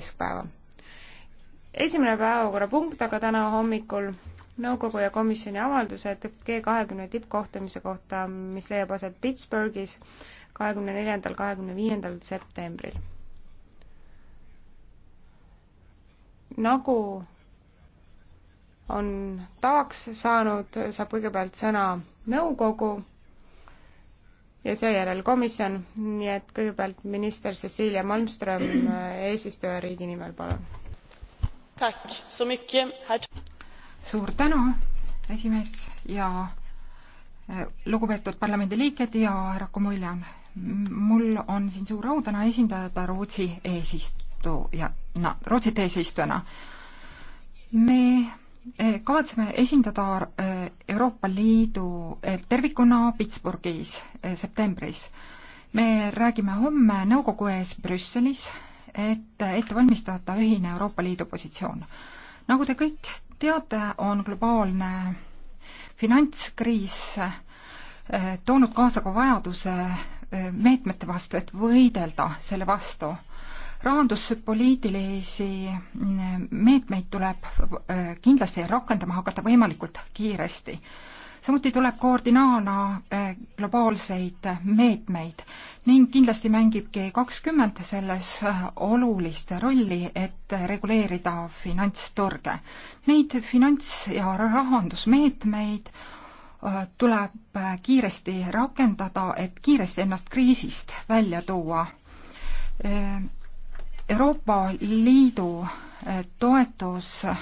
keskpäeva. esimene päevakorrapunkt aga täna hommikul nõukogu ja komisjoni avaldused G kahekümne tippkohtumise kohta, mis leiab aset Pittsburghis kahekümne neljandal, kahekümne viiendal septembril. nagu on tavaks saanud, saab kõigepealt sõna nõukogu ja seejärel komisjon, nii et kõigepealt minister Cecilia Malmström äh, eesistujariigi nimel, palun. suur tänu, esimees ja äh, lugupeetud parlamendiliikmed ja härra Komuljan. mul on siin suur au täna esindada Rootsi eesistujana, Rootsit eesistujana. me Eh, kavatseme esindada eh, Euroopa Liidu eh, tervikuna Pittsburghis septembris. me räägime homme nõukogu ees Brüsselis, et ette valmistada ühine Euroopa Liidu positsioon. nagu te kõik teate, on globaalne finantskriis toonud kaasa ka vajaduse meetmete vastu, et võidelda selle vastu rahanduspoliitilisi meetmeid tuleb äh, kindlasti rakendama hakata võimalikult kiiresti. samuti tuleb koordinaana äh, globaalseid meetmeid ning kindlasti mängib G kakskümmend selles äh, olulist rolli, et reguleerida finantsturge. Neid finants- ja rahandusmeetmeid tuleb kiiresti rakendada, et kiiresti ennast kriisist välja tuua Euroopa Liidu eh, toetus eh,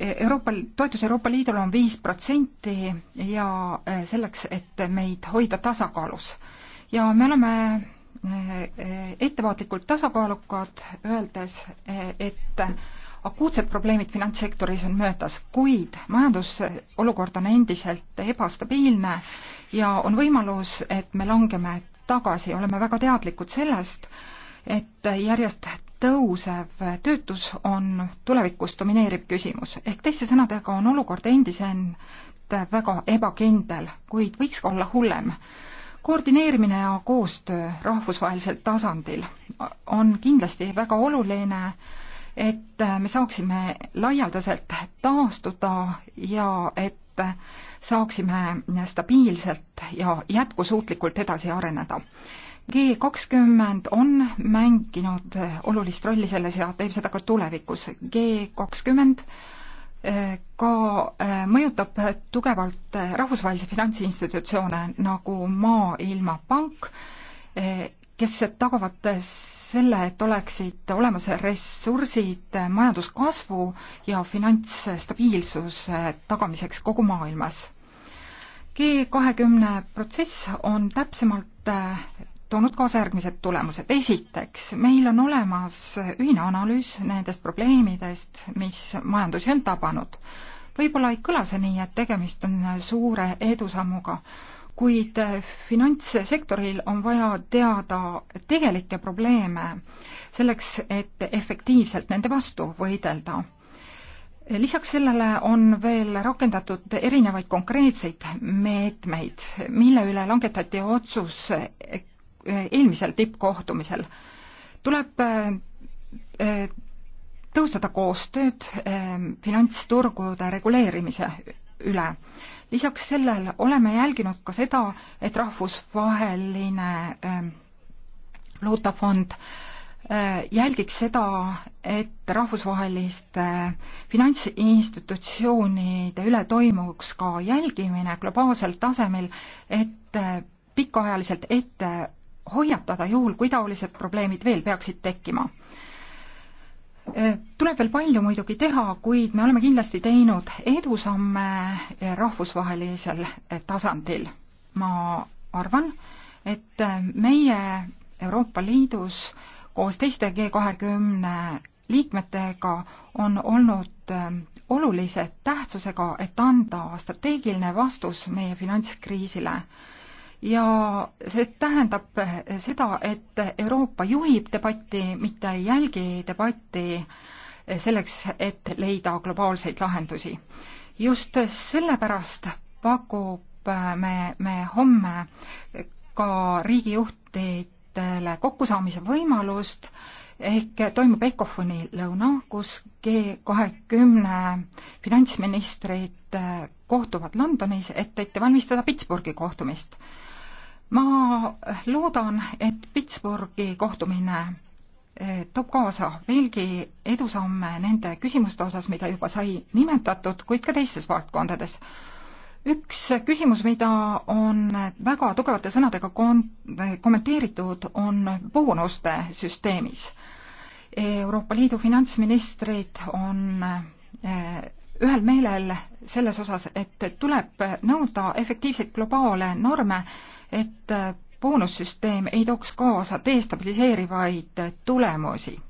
e, Euroopa, toetus Euroopa Liidule on viis protsenti ja eh, selleks, et meid hoida tasakaalus. ja me oleme ettevaatlikult tasakaalukad, öeldes, et akuutsed probleemid finantssektoris on möödas, kuid majandusolukord on endiselt ebastabiilne ja on võimalus, et me langeme tagasi, oleme väga teadlikud sellest, et järjest tõusev töötus on tulevikus domineeriv küsimus, ehk teiste sõnadega on olukord endiselt väga ebakindel, kuid võiks ka olla hullem. koordineerimine ja koostöö rahvusvahelisel tasandil on kindlasti väga oluline, et me saaksime laialdaselt taastuda ja et saaksime stabiilselt ja jätkusuutlikult edasi areneda G kakskümmend on mänginud olulist rolli selles ja teeb seda ka tulevikus. G kakskümmend eh, ka eh, mõjutab tugevalt rahvusvahelisi finantsinstitutsioone nagu Maailmapank, eh, kes tagavad selle, et oleksid olemas ressursid majanduskasvu ja finantsstabiilsuse tagamiseks kogu maailmas G kahekümne protsess on täpsemalt toonud kaasa järgmised tulemused. esiteks, meil on olemas ühine analüüs nendest probleemidest, mis majandusi on tabanud. võib-olla ei kõla see nii, et tegemist on suure edusammuga, kuid finantssektoril on vaja teada tegelikke probleeme selleks, et efektiivselt nende vastu võidelda lisaks sellele on veel rakendatud erinevaid konkreetseid meetmeid, mille üle langetati otsus Eh, eelmisel tippkohtumisel. tuleb eh, eh, tõustada koostööd finantsturgude reguleerimise üle. lisaks sellel oleme jälginud ka seda, et rahvusvaheline valuutafond jälgiks seda, et rahvusvaheliste finantsinstitutsioonide üle toimuks ka jälgimine globaalsel tasemel, et pikaajaliselt ette hoiatada juhul, kui taolised probleemid veel peaksid tekkima. Äh, tuleb veel palju muidugi teha, kuid me oleme kindlasti teinud edusamme äh, rahvusvahelisel äh, tasandil. ma arvan, et meie Euroopa Liidus koos teiste G kahekümne liikmetega on olnud ähm, olulise tähtsusega, et anda strateegiline vastus meie finantskriisile ja see tähendab seda, et Euroopa juhib debatti, mitte ei jälgi debatti selleks, et leida globaalseid lahendusi. just sellepärast pakub me, me homme ka riigijuhtidele kokkusaamise võimalust ehk toimub ECOFON-i lõuna, kus G kahekümne finantsministrid kohtuvad Londonis, et ette valmistada Pittsburghi kohtumist ma loodan, et Pittsburghi kohtumine eh, toob kaasa veelgi edusamme nende küsimuste osas, mida juba sai nimetatud, kuid ka teistes valdkondades. üks küsimus, mida on väga tugevate sõnadega kon-, kommenteeritud, on boonuste süsteemis. Euroopa Liidu finantsministrid on eh, ühel meelel selles osas, et tuleb nõuda efektiivseid globaale norme, et äh, boonussüsteem ei tooks kaasa destabiliseerivaid äh, tulemusi.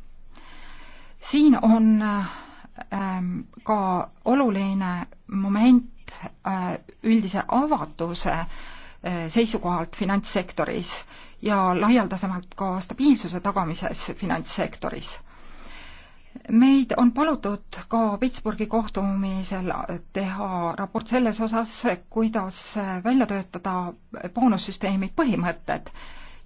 siin on äh, ähm, ka oluline moment üldise avatuse seisukohalt finantssektoris ja laialdasemalt ka stabiilsuse tagamises finantssektoris meid on palutud ka Pittsburghi kohtumisel teha raport selles osas, kuidas välja töötada boonussüsteemi põhimõtted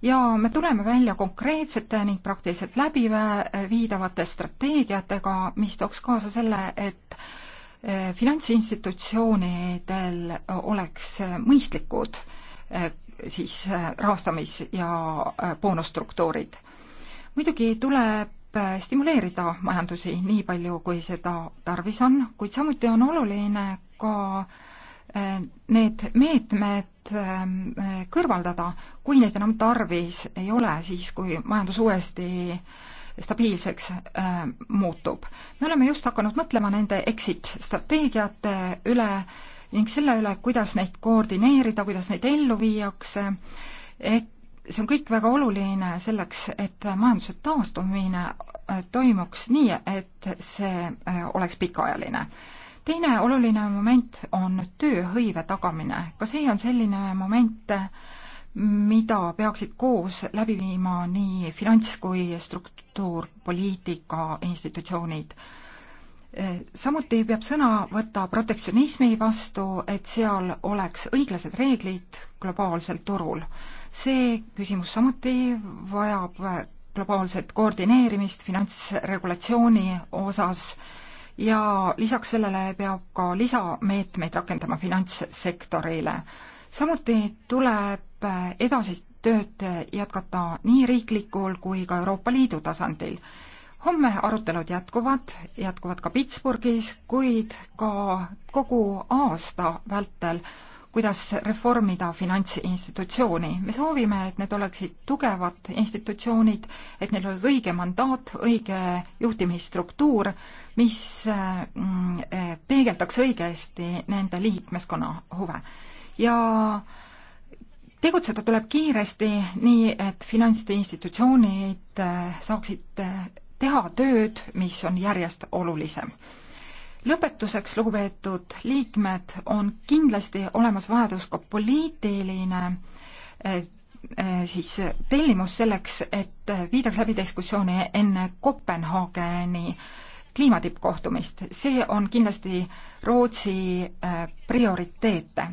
ja me tuleme välja konkreetsete ning praktiliselt läbiviidavate strateegiatega, mis tooks kaasa selle, et eh, finantsinstitutsioonidel oleks mõistlikud eh, siis eh, rahastamis- ja boonusstruktuurid. muidugi tuleb Äh, stimuleerida majandusi nii palju, kui seda tarvis on, kuid samuti on oluline ka äh, need meetmed äh, kõrvaldada, kui neid enam tarvis ei ole, siis kui majandus uuesti stabiilseks äh, muutub. me oleme just hakanud mõtlema nende exit-strateegiate üle ning selle üle, kuidas neid koordineerida, kuidas neid ellu viiakse, et see on kõik väga oluline selleks, et majanduse taastumine äh, toimuks nii, et see äh, oleks pikaajaline. teine oluline moment on tööhõive tagamine. ka see on selline moment, mida peaksid koos läbi viima nii finants- kui struktuurpoliitika institutsioonid. Äh, samuti peab sõna võtta protektsionismi vastu, et seal oleks õiglased reeglid globaalsel turul see küsimus samuti vajab globaalset koordineerimist finantsregulatsiooni osas ja lisaks sellele peab ka lisameetmeid rakendama finantssektorile. samuti tuleb edasist tööd jätkata nii riiklikul kui ka Euroopa Liidu tasandil. homme arutelud jätkuvad, jätkuvad ka Pittsburghis, kuid ka kogu aasta vältel kuidas reformida finantsinstitutsiooni. me soovime, et need oleksid tugevad institutsioonid, et neil oleks õige mandaat, õige juhtimisstruktuur, mis mm, peegeldaks õigesti nende liikmeskonna huve. ja tegutseda tuleb kiiresti, nii et finantsinstitutsioonid eh, saaksid eh, teha tööd, mis on järjest olulisem lõpetuseks, lugupeetud liikmed, on kindlasti olemas vajadus ka poliitiline eh, eh, siis tellimus selleks, et viidaks läbi diskussiooni enne Kopenhaageni kliimatippkohtumist. see on kindlasti Rootsi eh, prioriteete.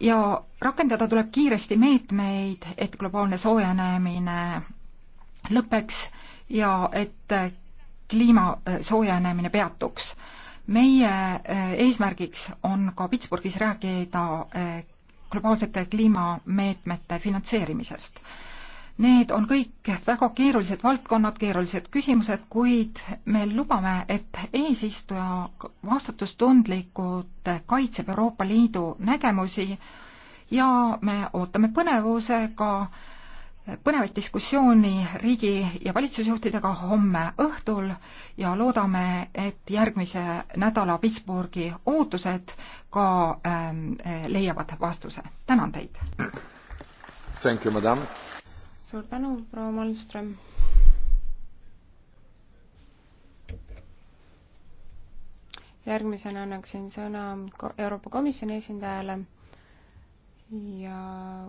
ja rakendada tuleb kiiresti meetmeid, et globaalne soojenemine lõpeks ja et kliima soojenemine peatuks meie eh, eesmärgiks on ka Pittsburghis rääkida eh, globaalsete kliimameetmete finantseerimisest. Need on kõik väga keerulised valdkonnad, keerulised küsimused, kuid me lubame, et eesistuja vastutustundlikult kaitseb Euroopa Liidu nägemusi ja me ootame põnevusega äh, põnevat diskussiooni riigi- ja valitsusjuhtidega homme õhtul ja loodame, et järgmise nädala Pittsburghi ootused ka ähm, leiavad vastuse. tänan teid! suur tänu, proua Malmström! järgmisena annaksin sõna Euroopa Komisjoni esindajale ja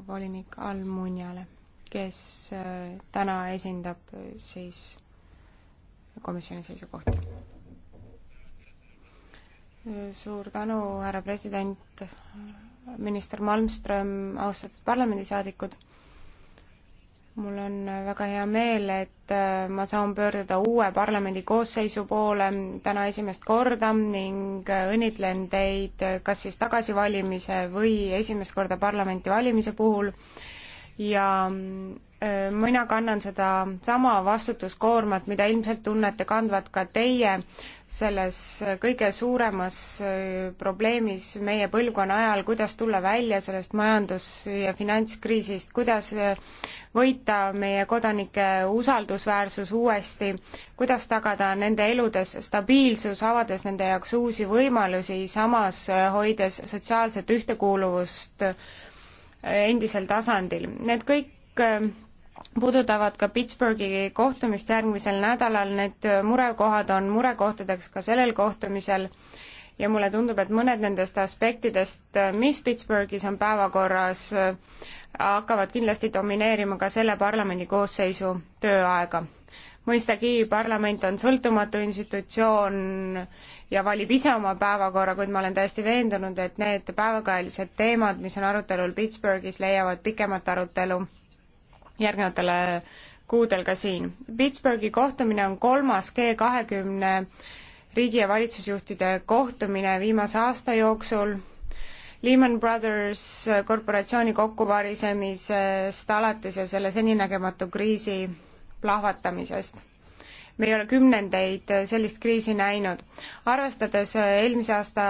volinik Almuniale kes äh, täna esindab äh, siis komisjoni seisukohti. suur tänu, härra president, minister Malmström, austatud parlamendisaadikud mul on äh, väga hea meel, et ma saan pöörduda uue parlamendi koosseisu poole täna esimest korda ning õnnitlen teid kas siis tagasivalimise või esimest korda parlamenti valimise puhul ja äh, mina kannan seda sama vastutuskoormat, mida ilmselt tunnete kandvat ka teie selles kõige suuremas äh, probleemis meie põlvkonna ajal, kuidas tulla välja sellest majandus- ja finantskriisist, kuidas äh, võita meie kodanike usaldusväärsus uuesti, kuidas tagada nende eludes stabiilsus, avades nende jaoks uusi võimalusi, samas hoides sotsiaalset ühtekuuluvust äh, endisel tasandil. Need kõik äh, puudutavad ka Pittsburghi kohtumist järgmisel nädalal, need äh, murekohad on murekohtadeks ka sellel kohtumisel ja mulle tundub, et mõned nendest aspektidest, äh, mis Pittsburghis on päevakorras, hakkavad kindlasti domineerima ka selle parlamendi koosseisu tööaega mõistagi parlament on sõltumatu institutsioon ja valib ise oma päevakorra, kuid ma olen täiesti veendunud, et need päevakajalised teemad, mis on arutelul Pittsburghis, leiavad pikemat arutelu järgnevatele kuudel ka siin. Pittsburghi kohtumine on kolmas G kahekümne riigi- ja valitsusjuhtide kohtumine viimase aasta jooksul Lehman Brothers korporatsiooni kokkuvarisemisest alates ja selle seninägematu kriisi plahvatamisest me ei ole kümnendeid sellist kriisi näinud. arvestades eelmise aasta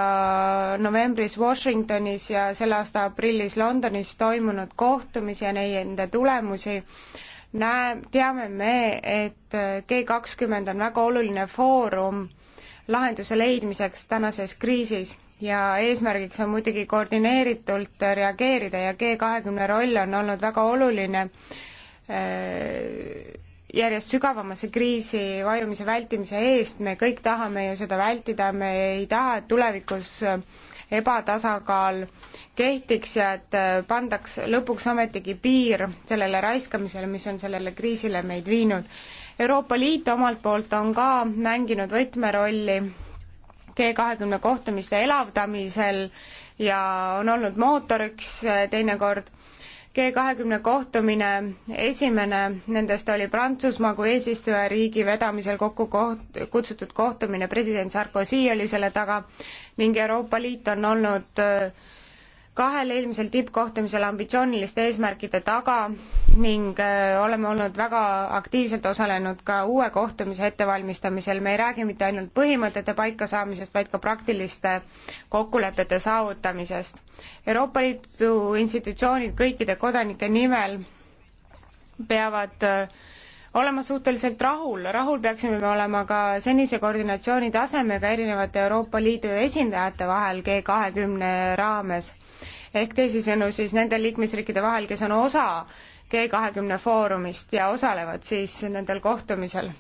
novembris Washingtonis ja selle aasta aprillis Londonis toimunud kohtumisi ja nende tulemusi, näe, teame me, et G kakskümmend on väga oluline foorum lahenduse leidmiseks tänases kriisis ja eesmärgiks on muidugi koordineeritult reageerida ja G kahekümne roll on olnud väga oluline öö, äh, järjest sügavamasse kriisi vajumise vältimise eest, me kõik tahame ju seda vältida, me ei taha, et tulevikus ebatasakaal kehtiks ja et äh, pandaks lõpuks ometigi piir sellele raiskamisele, mis on sellele kriisile meid viinud. Euroopa Liit omalt poolt on ka mänginud võtmerolli G kahekümne kohtumiste elavdamisel ja on olnud mootoriks äh, teinekord G kahekümne kohtumine, esimene nendest oli Prantsusmaa kui eesistujariigi vedamisel kokku koht-, kutsutud kohtumine, president Sarkozy oli selle taga ning Euroopa Liit on olnud äh, kahel eelmisel tippkohtumisel ambitsiooniliste eesmärkide taga ning äh, oleme olnud väga aktiivselt osalenud ka uue kohtumise ettevalmistamisel. me ei räägi mitte ainult põhimõtete paikasaamisest, vaid ka praktiliste kokkulepete saavutamisest. Euroopa Liidu institutsioonid kõikide kodanike nimel peavad äh, olema suhteliselt rahul, rahul peaksime me olema ka senise koordinatsiooni tasemega erinevate Euroopa Liidu esindajate vahel G kahekümne raames. ehk teisisõnu siis nende liikmesriikide vahel, kes on osa G kahekümne foorumist ja osalevad siis nendel kohtumisel.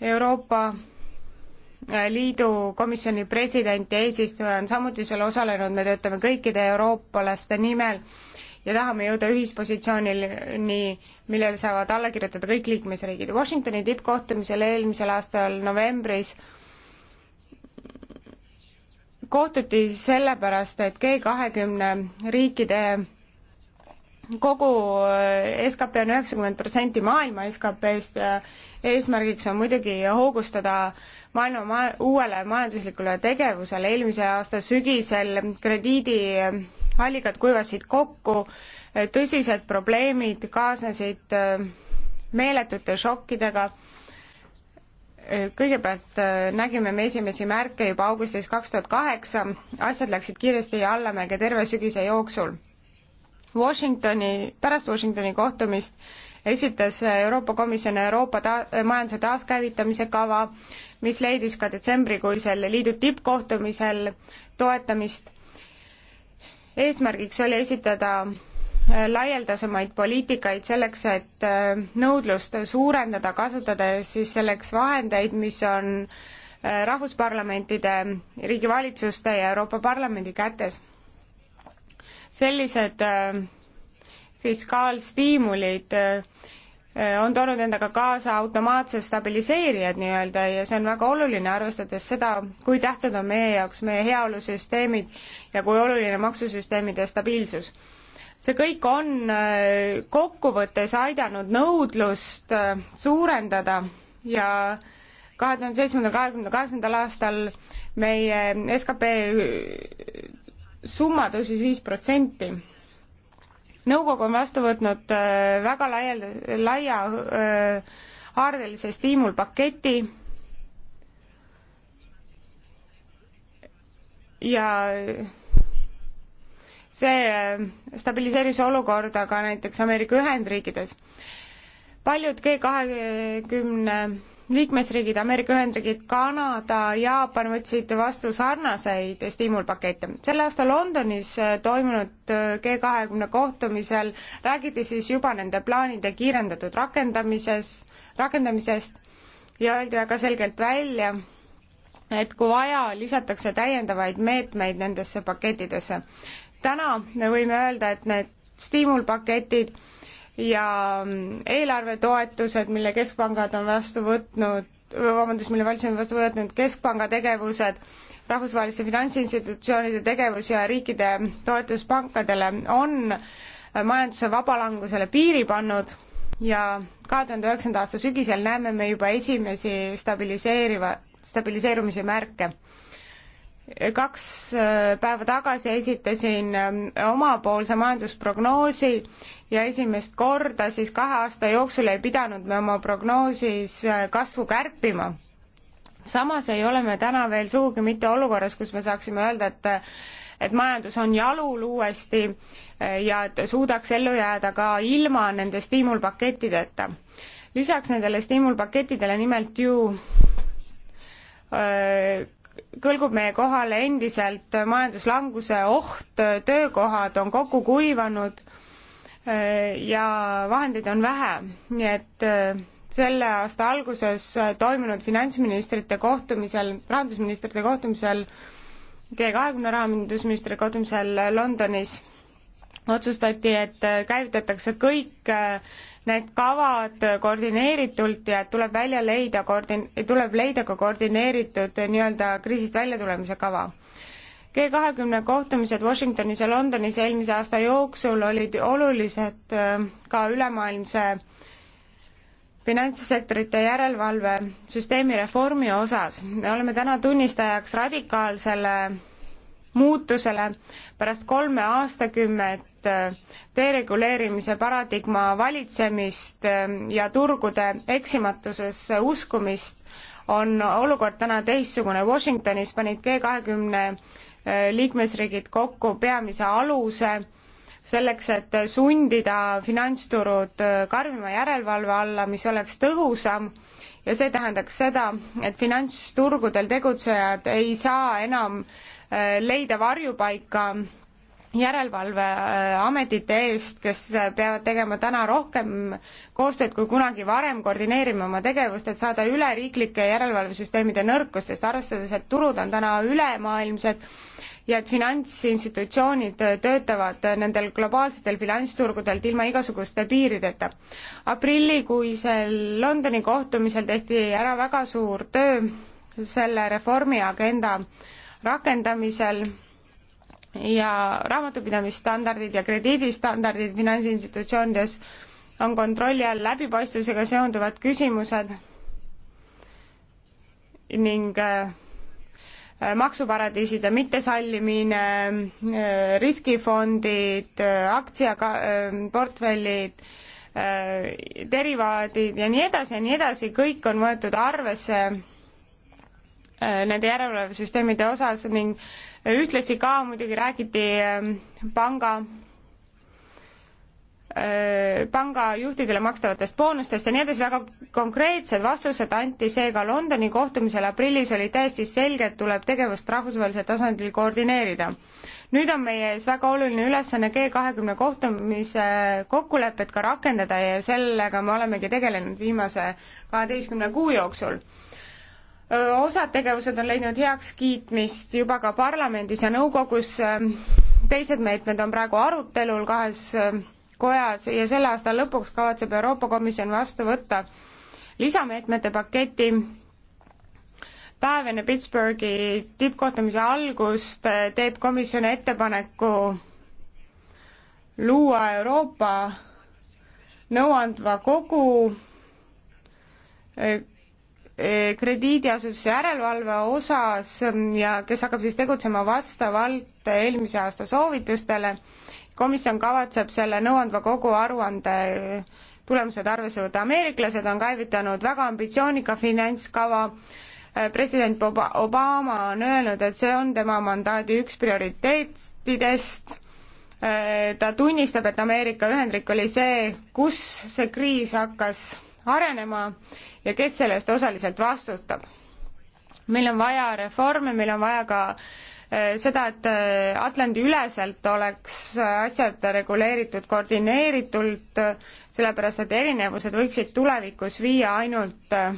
Euroopa äh, Liidu komisjoni president ja eesistuja on samuti seal osalenud, me töötame kõikide eurooplaste nimel ja tahame jõuda ühispositsioonini, millele saavad alla kirjutada kõik liikmesriigid. Washingtoni tippkohtumisel eelmisel aastal novembris kohtuti sellepärast, et G kahekümne riikide kogu eh, skp on üheksakümmend protsenti maailma skp-st ja eesmärgiks on muidugi hoogustada maailma ma-, uuele majanduslikule tegevusele. eelmise aasta sügisel krediidi allikad kuivasid kokku, tõsised probleemid kaasnesid äh, meeletute šokkidega. Äh, kõigepealt äh, nägime me esimesi märke juba augustis kaks tuhat kaheksa, asjad läksid kiiresti allamäge terve sügise jooksul. Washingtoni, pärast Washingtoni kohtumist esitas Euroopa Komisjon Euroopa ta-, majanduse taaskäivitamise kava, mis leidis ka detsembrikuisel liidu tippkohtumisel toetamist eesmärgiks oli esitada äh, laialdasemaid poliitikaid selleks, et äh, nõudlust suurendada, kasutades siis selleks vahendeid, mis on äh, rahvusparlamentide, riigivalitsuste ja Euroopa Parlamendi kätes. sellised fiskaalstiimulid Eh, on toonud endaga kaasa automaatsed stabiliseerijad nii-öelda ja see on väga oluline, arvestades seda, kui tähtsad on meie jaoks meie heaolusüsteemid ja kui oluline maksusüsteemide stabiilsus. see kõik on eh, kokkuvõttes aidanud nõudlust eh, suurendada ja kahe tuhande seitsmendal, kahekümne kaheksandal aastal meie skp summa tõusis viis protsenti nõukogu on vastu võtnud äh, väga laia, laia äh, haardelise stiimulpaketi ja see äh, stabiliseeris olukorda ka näiteks Ameerika Ühendriikides. paljud G kahekümne 20 liikmesriigid, Ameerika Ühendriigid, Kanada, Jaapan võtsid vastu sarnaseid stiimulpakette. selle aasta Londonis äh, toimunud äh, G kahekümne kohtumisel räägiti siis juba nende plaanide kiirendatud rakendamises, rakendamisest ja öeldi väga selgelt välja, et kui vaja, lisatakse täiendavaid meetmeid nendesse pakettidesse. täna me võime öelda, et need stiimulpaketid ja eelarvetoetused, mille keskpangad on vastu võtnud, vabandust, mille valitsus on vastu võtnud, keskpanga tegevused, rahvusvaheliste finantsinstitutsioonide tegevus ja riikide toetus pankadele on majanduse vabalangusele piiri pannud ja kahe tuhande üheksanda aasta sügisel näeme me juba esimesi stabiliseeriva, stabiliseerumise märke kaks äh, päeva tagasi esitasin ähm, omapoolse majandusprognoosi ja esimest korda siis kahe aasta jooksul ei pidanud me oma prognoosis äh, kasvu kärpima samas ei ole me täna veel sugugi mitte olukorras, kus me saaksime öelda, et äh, et majandus on jalul uuesti ja et suudaks ellu jääda ka ilma nende stiimulpakettideta. lisaks nendele stiimulpakettidele nimelt ju öö, kõlgub meie kohale endiselt majanduslanguse oht, töökohad on kokku kuivanud eh, ja vahendeid on vähe, nii et eh, selle aasta alguses toimunud finantsministrite kohtumisel, rahandusministrite kohtumisel, G kahekümne rahandusministri kohtumisel Londonis otsustati, et eh, käivitatakse kõik need kavad koordineeritult ja tuleb välja leida koordin-, tuleb leida ka koordineeritud nii-öelda kriisist väljatulemise kava. G kahekümne kohtumised Washingtonis ja Londonis eelmise aasta jooksul olid olulised äh, ka ülemaailmse finantssektorite järelevalvesüsteemi reformi osas. me oleme täna tunnistajaks radikaalsele muutusele pärast kolme aastakümmet Äh, dereguleerimise paradigma valitsemist äh, ja turgude eksimatusesse uskumist, on olukord täna teistsugune. Washingtonis panid G kahekümne äh, liikmesriigid kokku peamise aluse selleks, et sundida finantsturud karmima järelevalve alla, mis oleks tõhusam ja see tähendaks seda, et finantsturgudel tegutsejad ei saa enam leida varjupaika järelevalveametite äh, eest, kes äh, peavad tegema täna rohkem koostööd kui kunagi varem, koordineerima oma tegevust, et saada üle riiklike järelevalvesüsteemide nõrkustest, arvestades, et turud on täna ülemaailmsed ja et finantsinstitutsioonid äh, töötavad nendel globaalsetel finantsturgudelt ilma igasuguste piirideta. aprillikuisel Londoni kohtumisel tehti ära väga suur töö selle reformi agenda rakendamisel ja raamatupidamisstandardid ja krediidistandardid finantsinstitutsioonides on kontrolli all läbipaistvusega seonduvad küsimused ning äh, maksuparadiiside mittesallimine, äh, riskifondid, äh, aktsiaportfellid, derivaadid ja nii edasi ja nii edasi, kõik on võetud arvesse nende järelevalvesüsteemide osas ning ühtlasi ka muidugi räägiti ähm, panga äh, pangajuhtidele makstavatest boonustest ja nii edasi, väga konkreetsed vastused anti seega Londoni kohtumisel aprillis oli täiesti selge, et tuleb tegevust rahvusvahelisel tasandil koordineerida. nüüd on meie ees väga oluline ülesanne G kahekümne kohtumise kokkulepet ka rakendada ja sellega me olemegi tegelenud viimase kaheteistkümne kuu jooksul osad tegevused on leidnud heakskiitmist juba ka parlamendis ja nõukogus, teised meetmed on praegu arutelul kahes kojas ja selle aasta lõpuks kavatseb Euroopa Komisjon vastu võtta lisameetmete paketi, päev enne Pittsburghi tippkohtumise algust teeb komisjon ettepaneku luua Euroopa nõuandva kogu Eh, krediidiasutuse järelevalve osas mm, ja kes hakkab siis tegutsema vastavalt eelmise aasta soovitustele. komisjon kavatseb selle nõuandva kogu aruande tulemused arvesse võtta. ameeriklased on käivitanud väga ambitsioonika finantskava. Eh, president Obama on öelnud, et see on tema mandaadi üks prioriteetidest eh, ta tunnistab, et Ameerika Ühendriik oli see, kus see kriis hakkas arenema ja kes selle eest osaliselt vastutab. meil on vaja reforme, meil on vaja ka eh, seda, et eh, Atlandi-üleselt oleks asjad reguleeritud koordineeritult, sellepärast et erinevused võiksid tulevikus viia ainult eh,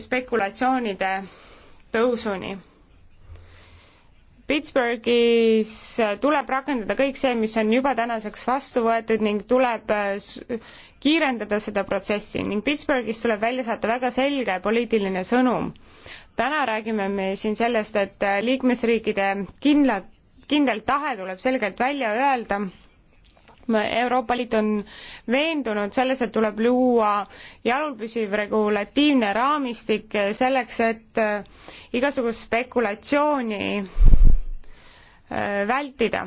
spekulatsioonide tõusuni Pittsburghis tuleb rakendada kõik see, mis on juba tänaseks vastu võetud ning tuleb äh, kiirendada seda protsessi ning Pittsburghis tuleb välja saata väga selge poliitiline sõnum. täna räägime me siin sellest, et äh, liikmesriikide kindla, kindel tahe tuleb selgelt välja öelda, Euroopa Liit on veendunud selles, et tuleb luua jalulpüsiv regulatiivne raamistik selleks, et äh, igasugust spekulatsiooni Äh, vältida.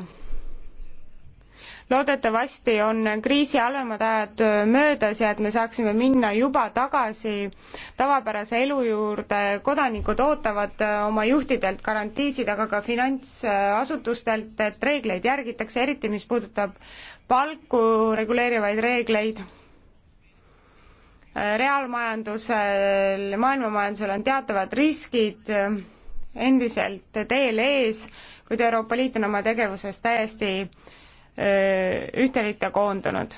loodetavasti on kriisi halvemad ajad äh, möödas ja et me saaksime minna juba tagasi tavapärase elu juurde, kodanikud ootavad äh, oma juhtidelt garantiisid, aga ka finantsasutustelt, et reegleid järgitakse, eriti mis puudutab palku reguleerivaid reegleid reaalmajandusel, maailmamajandusel on teatavad riskid endiselt teel ees, kuid Euroopa Liit on oma tegevuses täiesti ühtelitta koondunud.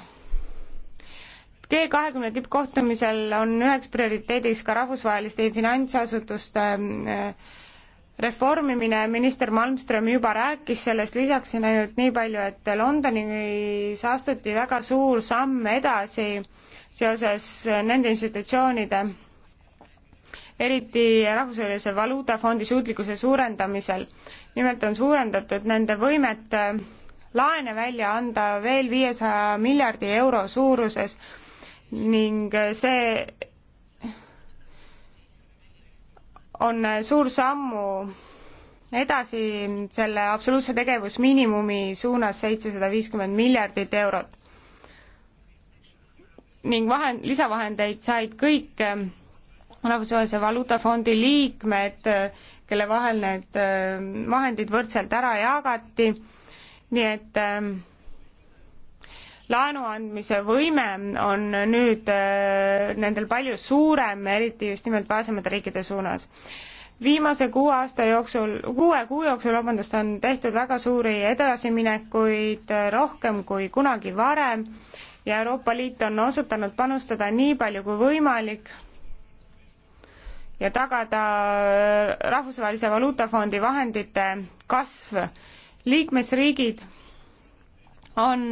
G kahekümne tippkohtumisel on üheks prioriteediks ka rahvusvaheliste finantsasutuste reformimine, minister Malmström juba rääkis sellest, lisaksin ainult nii palju, et Londonis astuti väga suur samm edasi seoses nende institutsioonide eriti Rahvusvahelise Valuutafondi suutlikkuse suurendamisel. nimelt on suurendatud nende võimet äh, laene välja anda veel viiesaja miljardi euro suuruses ning äh, see on äh, suur sammu edasi selle absoluutse tegevusmiinimumi suunas seitsesada viiskümmend miljardit eurot. ning vahend, lisavahendeid said kõik rahvusvahelise valuutafondi liikmed, kelle vahel need äh, vahendid võrdselt ära jagati, nii et äh, laenu andmise võime on nüüd äh, nendel palju suurem, eriti just nimelt vaesemate riikide suunas. viimase kuue aasta jooksul, kuue kuu jooksul, vabandust, on tehtud väga suuri edasiminekuid, rohkem kui kunagi varem ja Euroopa Liit on osutanud panustada nii palju kui võimalik ja tagada Rahvusvahelise Valuutafondi vahendite kasv. liikmesriigid on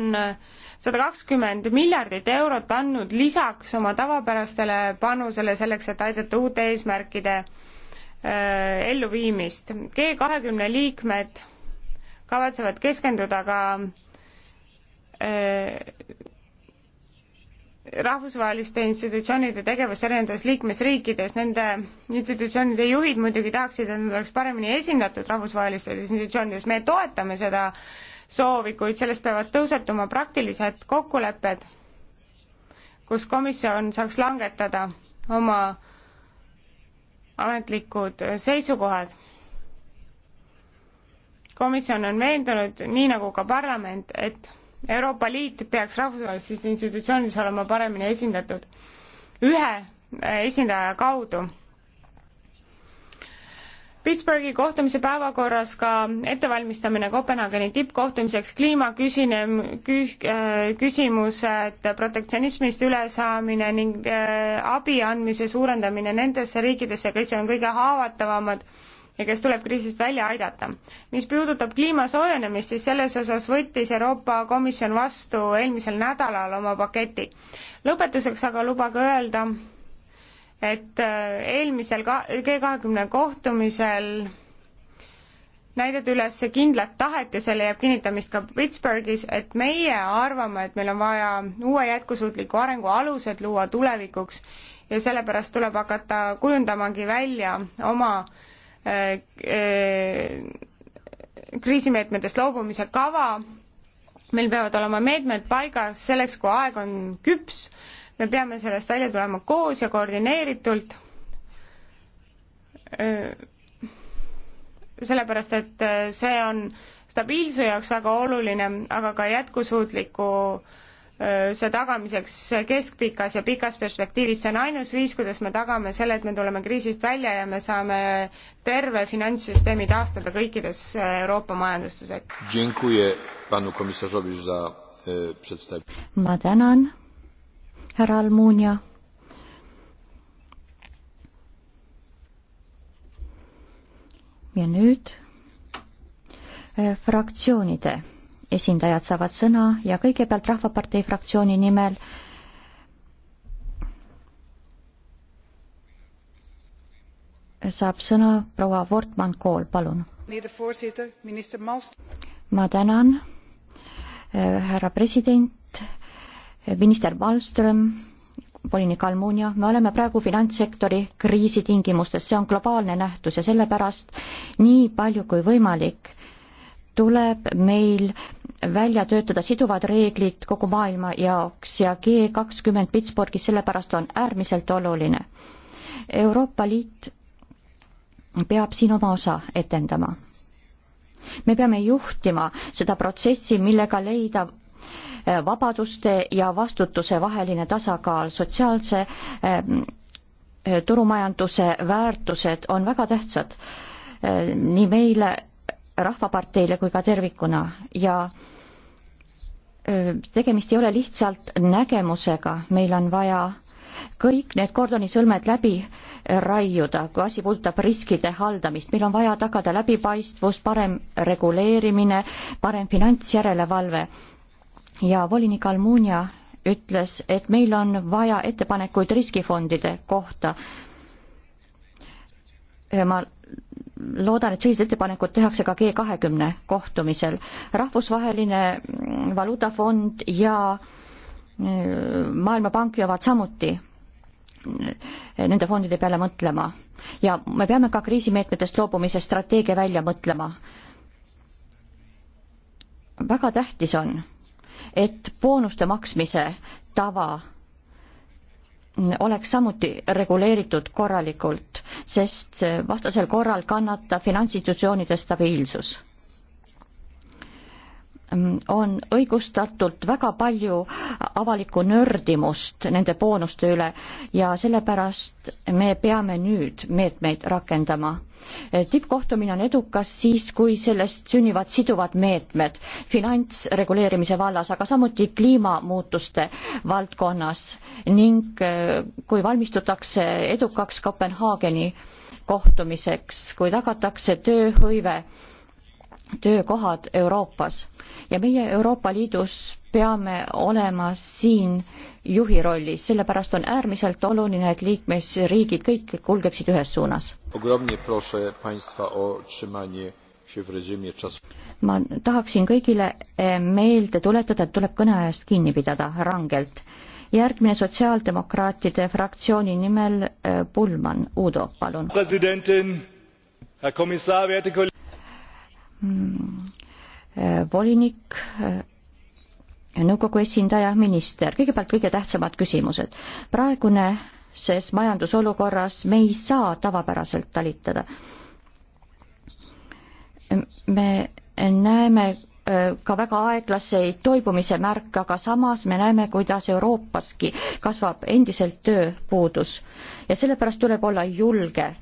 sada kakskümmend miljardit eurot andnud lisaks oma tavapärastele panusele selleks, et aidata uute eesmärkide äh, elluviimist. G kahekümne liikmed kavatsevad keskenduda ka äh, rahvusvaheliste institutsioonide tegevust erinevates liikmesriikides, nende institutsioonide juhid muidugi tahaksid, et nad oleks paremini esindatud rahvusvahelistes institutsioonides, me toetame seda soovi, kuid sellest peavad tõusetuma praktilised kokkulepped, kus komisjon saaks langetada oma ametlikud seisukohad. komisjon on veendunud, nii nagu ka parlament, et Euroopa Liit peaks rahvusvahelises institutsioonis olema paremini esindatud ühe äh, esindaja kaudu. Pittsburghi kohtumise päevakorras ka ettevalmistamine Kopenhaageni tippkohtumiseks, kliimaküsine- kü,, äh, küsimused, protektsionismist ülesaamine ning äh, abi andmise suurendamine nendesse riikidesse, kes on kõige haavatavamad äh, ja kes tuleb kriisist välja aidata. mis puudutab kliima soojenemist, siis selles osas võttis Euroopa Komisjon vastu eelmisel nädalal oma paketi. lõpetuseks aga lubage öelda, et äh, eelmisel ka-, G kahekümne kohtumisel näidati üles kindlat tahet ja selle jääb kinnitamist ka Pittsburghis, et meie arvame, et meil on vaja uue jätkusuutliku arengu alused luua tulevikuks ja sellepärast tuleb hakata kujundamagi välja oma äh, Äh, äh, kriisimeetmetest loobumise kava, meil peavad olema meetmed paigas selleks, kui aeg on küps, me peame sellest välja tulema koos ja koordineeritult, äh, sellepärast et see on stabiilsuse jaoks väga oluline, aga ka jätkusuutliku äh, see tagamiseks keskpikas ja pikas perspektiivis, see on ainus viis, kuidas me tagame selle, et me tuleme kriisist välja ja me saame terve finantssüsteemi taastada kõikides Euroopa majandustes. E, ma tänan, härra Almunia. ja nüüd e, fraktsioonide esindajad saavad sõna ja kõigepealt Rahvapartei fraktsiooni nimel saab sõna proua Wortmann Kool, palun. ma tänan, äh, härra president, äh, minister Wallström, volinik Almunia, me oleme praegu finantssektori kriisi tingimustes, see on globaalne nähtus ja sellepärast nii palju kui võimalik tuleb meil välja töötada siduvad reeglid kogu maailma jaoks ja G kakskümmend Pittsburghis sellepärast on äärmiselt oluline. Euroopa Liit peab siin oma osa etendama. me peame juhtima seda protsessi, millega leida eh, vabaduste ja vastutuse vaheline tasakaal, sotsiaalse eh, eh, turumajanduse väärtused on väga tähtsad nii meile Rahvaparteile kui ka tervikuna ja tegemist ei ole lihtsalt nägemusega, meil on vaja kõik need kordoni sõlmed läbi raiuda, kui asi puudutab riskide haldamist, meil on vaja tagada läbipaistvus, parem reguleerimine, parem finantsjärelevalve. ja volinik Almunia ütles, et meil on vaja ettepanekuid riskifondide kohta. ma loodan, et sellised ettepanekud tehakse ka G kahekümne kohtumisel. rahvusvaheline valuutafond ja äh, Maailmapank peavad samuti äh, nende fondide peale mõtlema ja me peame ka kriisimeetmetest loobumise strateegia välja mõtlema. väga tähtis on, et boonuste maksmise tava oleks samuti reguleeritud korralikult, sest vastasel korral kannatab finantsinstitutsioonide stabiilsus Mm, on õigustatult väga palju avalikku nördimust nende boonuste üle ja sellepärast me peame nüüd meetmeid rakendama. tippkohtumine on edukas siis, kui sellest sünnivad siduvad meetmed finantsreguleerimise vallas, aga samuti kliimamuutuste valdkonnas ning eh, kui valmistutakse edukaks Kopenhaageni kohtumiseks, kui tagatakse tööhõive töökohad Euroopas ja meie Euroopa Liidus peame olema siin juhi rollis, sellepärast on äärmiselt oluline, et liikmesriigid kõik kulgeksid ühes suunas. ma tahaksin kõigile e, meelde tuletada, et tuleb kõneajast kinni pidada rangelt. järgmine sotsiaaldemokraatide fraktsiooni nimel e, Pullmann, Udo, palun. Herr Kommissar, werte Kollegen! Mm. volinik, äh, nõukogu esindaja, minister, kõigepealt kõige tähtsamad küsimused. praeguneses majandusolukorras me ei saa tavapäraselt talitada. me näeme äh, ka väga aeglaseid toibumise märke, aga samas me näeme, kuidas Euroopaski kasvab endiselt tööpuudus ja sellepärast tuleb olla julge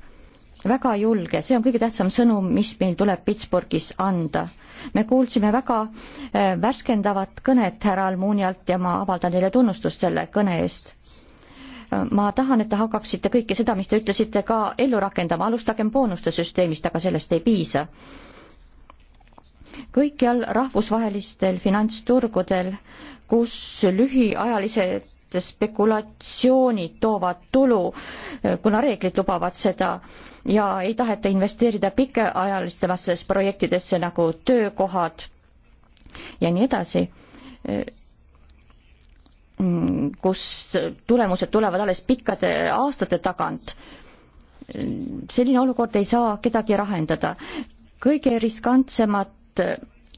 väga julge, see on kõige tähtsam sõnum, mis meil tuleb Pittsburghis anda. me kuulsime väga äh, värskendavat kõnet härra Almunialt ja ma avaldan teile tunnustust selle kõne eest. ma tahan, et te hakkaksite kõike seda, mis te ütlesite, ka ellu rakendama, alustagem boonuste süsteemist, aga sellest ei piisa. kõikjal rahvusvahelistel finantsturgudel, kus lühiajalised mõttes spekulatsioonid toovad tulu, kuna reeglid lubavad seda ja ei taheta investeerida pikaajalistemasse projektidesse nagu töökohad ja nii edasi, kus tulemused tulevad alles pikkade aastate tagant. selline olukord ei saa kedagi rahendada. kõige riskantsemad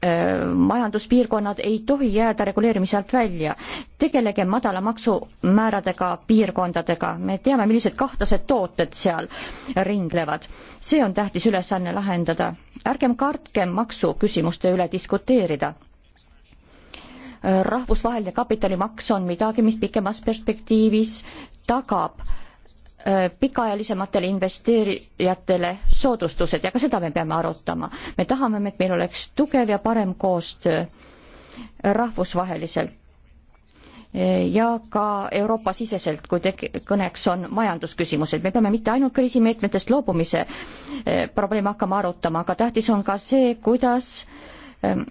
Äh, majanduspiirkonnad ei tohi jääda reguleerimise alt välja. tegelege madala maksumääradega piirkondadega, me teame, millised kahtlased tooted seal ringlevad. see on tähtis ülesanne lahendada. ärgem kartkem maksuküsimuste üle diskuteerida äh, rahvusvaheline kapitalimaks on midagi, mis pikemas perspektiivis tagab äh, Äh, pikaajalisematele investeerijatele soodustused ja ka seda me peame arutama. me tahame, et meil oleks tugev ja parem koostöö rahvusvaheliselt äh, ja ka Euroopa-siseselt, kui te-, kõneks on majandusküsimused. me peame mitte ainult kriisimeetmetest loobumise äh, probleeme hakkama arutama, aga tähtis on ka see, kuidas ähm,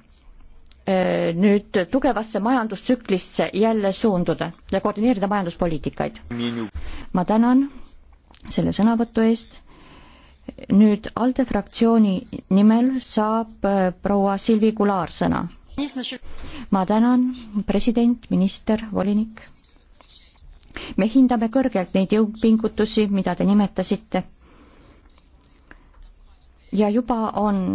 nüüd tugevasse majandustsüklisse jälle suunduda ja koordineerida majanduspoliitikaid. ma tänan selle sõnavõtu eest. nüüd ALDE fraktsiooni nimel saab äh, proua Silvi Kular sõna. ma tänan, president, minister, volinik. me hindame kõrgelt neid jõupingutusi, mida te nimetasite. ja juba on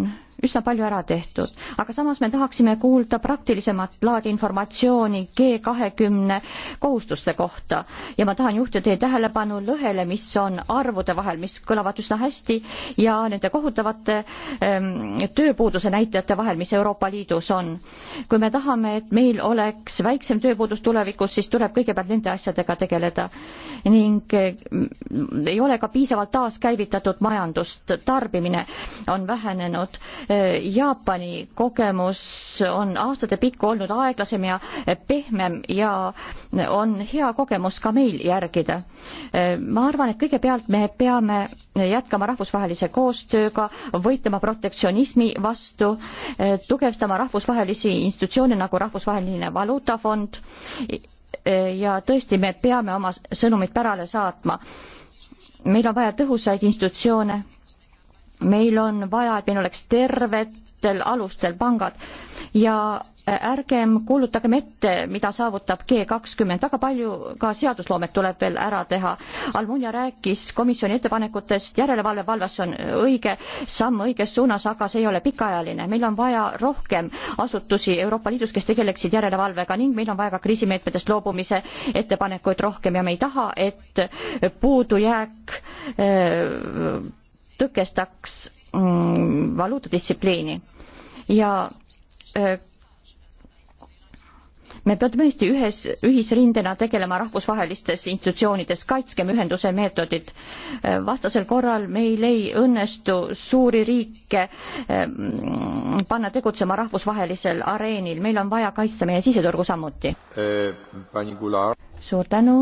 üsna palju ära tehtud, aga samas me tahaksime kuulda praktilisemat laadi informatsiooni G kahekümne kohustuste kohta ja ma tahan juhtida teie tähelepanu lõhele, mis on arvude vahel, mis kõlavad üsna hästi ja nende kohutavate ähm, tööpuuduse näitajate vahel, mis Euroopa Liidus on. kui me tahame, et meil oleks väiksem tööpuudus tulevikus, siis tuleb kõigepealt nende asjadega tegeleda ning äh, ei ole ka piisavalt taaskäivitatud majandust, tarbimine on vähenenud Jaapani kogemus on aastatepikku olnud aeglasem ja pehmem ja on hea kogemus ka meil järgida. ma arvan, et kõigepealt me peame jätkama rahvusvahelise koostööga, võitlema protektsionismi vastu, tugevdama rahvusvahelisi institutsioone nagu Rahvusvaheline Valuutafond ja tõesti, me peame oma sõnumid pärale saatma. meil on vaja tõhusaid institutsioone meil on vaja, et meil oleks tervetel alustel pangad ja ärgem kuulutagem ette, mida saavutab G kakskümmend, väga palju ka seadusloomet tuleb veel ära teha. Almunia rääkis komisjoni ettepanekutest, järelevalve valves on õige samm õiges suunas, aga see ei ole pikaajaline. meil on vaja rohkem asutusi Euroopa Liidus, kes tegeleksid järelevalvega ning meil on vaja ka kriisimeetmetest loobumise ettepanekuid rohkem ja me ei taha, et puudujääk äh, tõkestaks mm, valuutadistsipliini ja öö, me peame tõesti ühes, ühisrindena tegelema rahvusvahelistes institutsioonides, kaitskem ühenduse meetodit. vastasel korral meil ei õnnestu suuri riike mm, panna tegutsema rahvusvahelisel areenil, meil on vaja kaitsta meie siseturgu samuti. Äh, suur tänu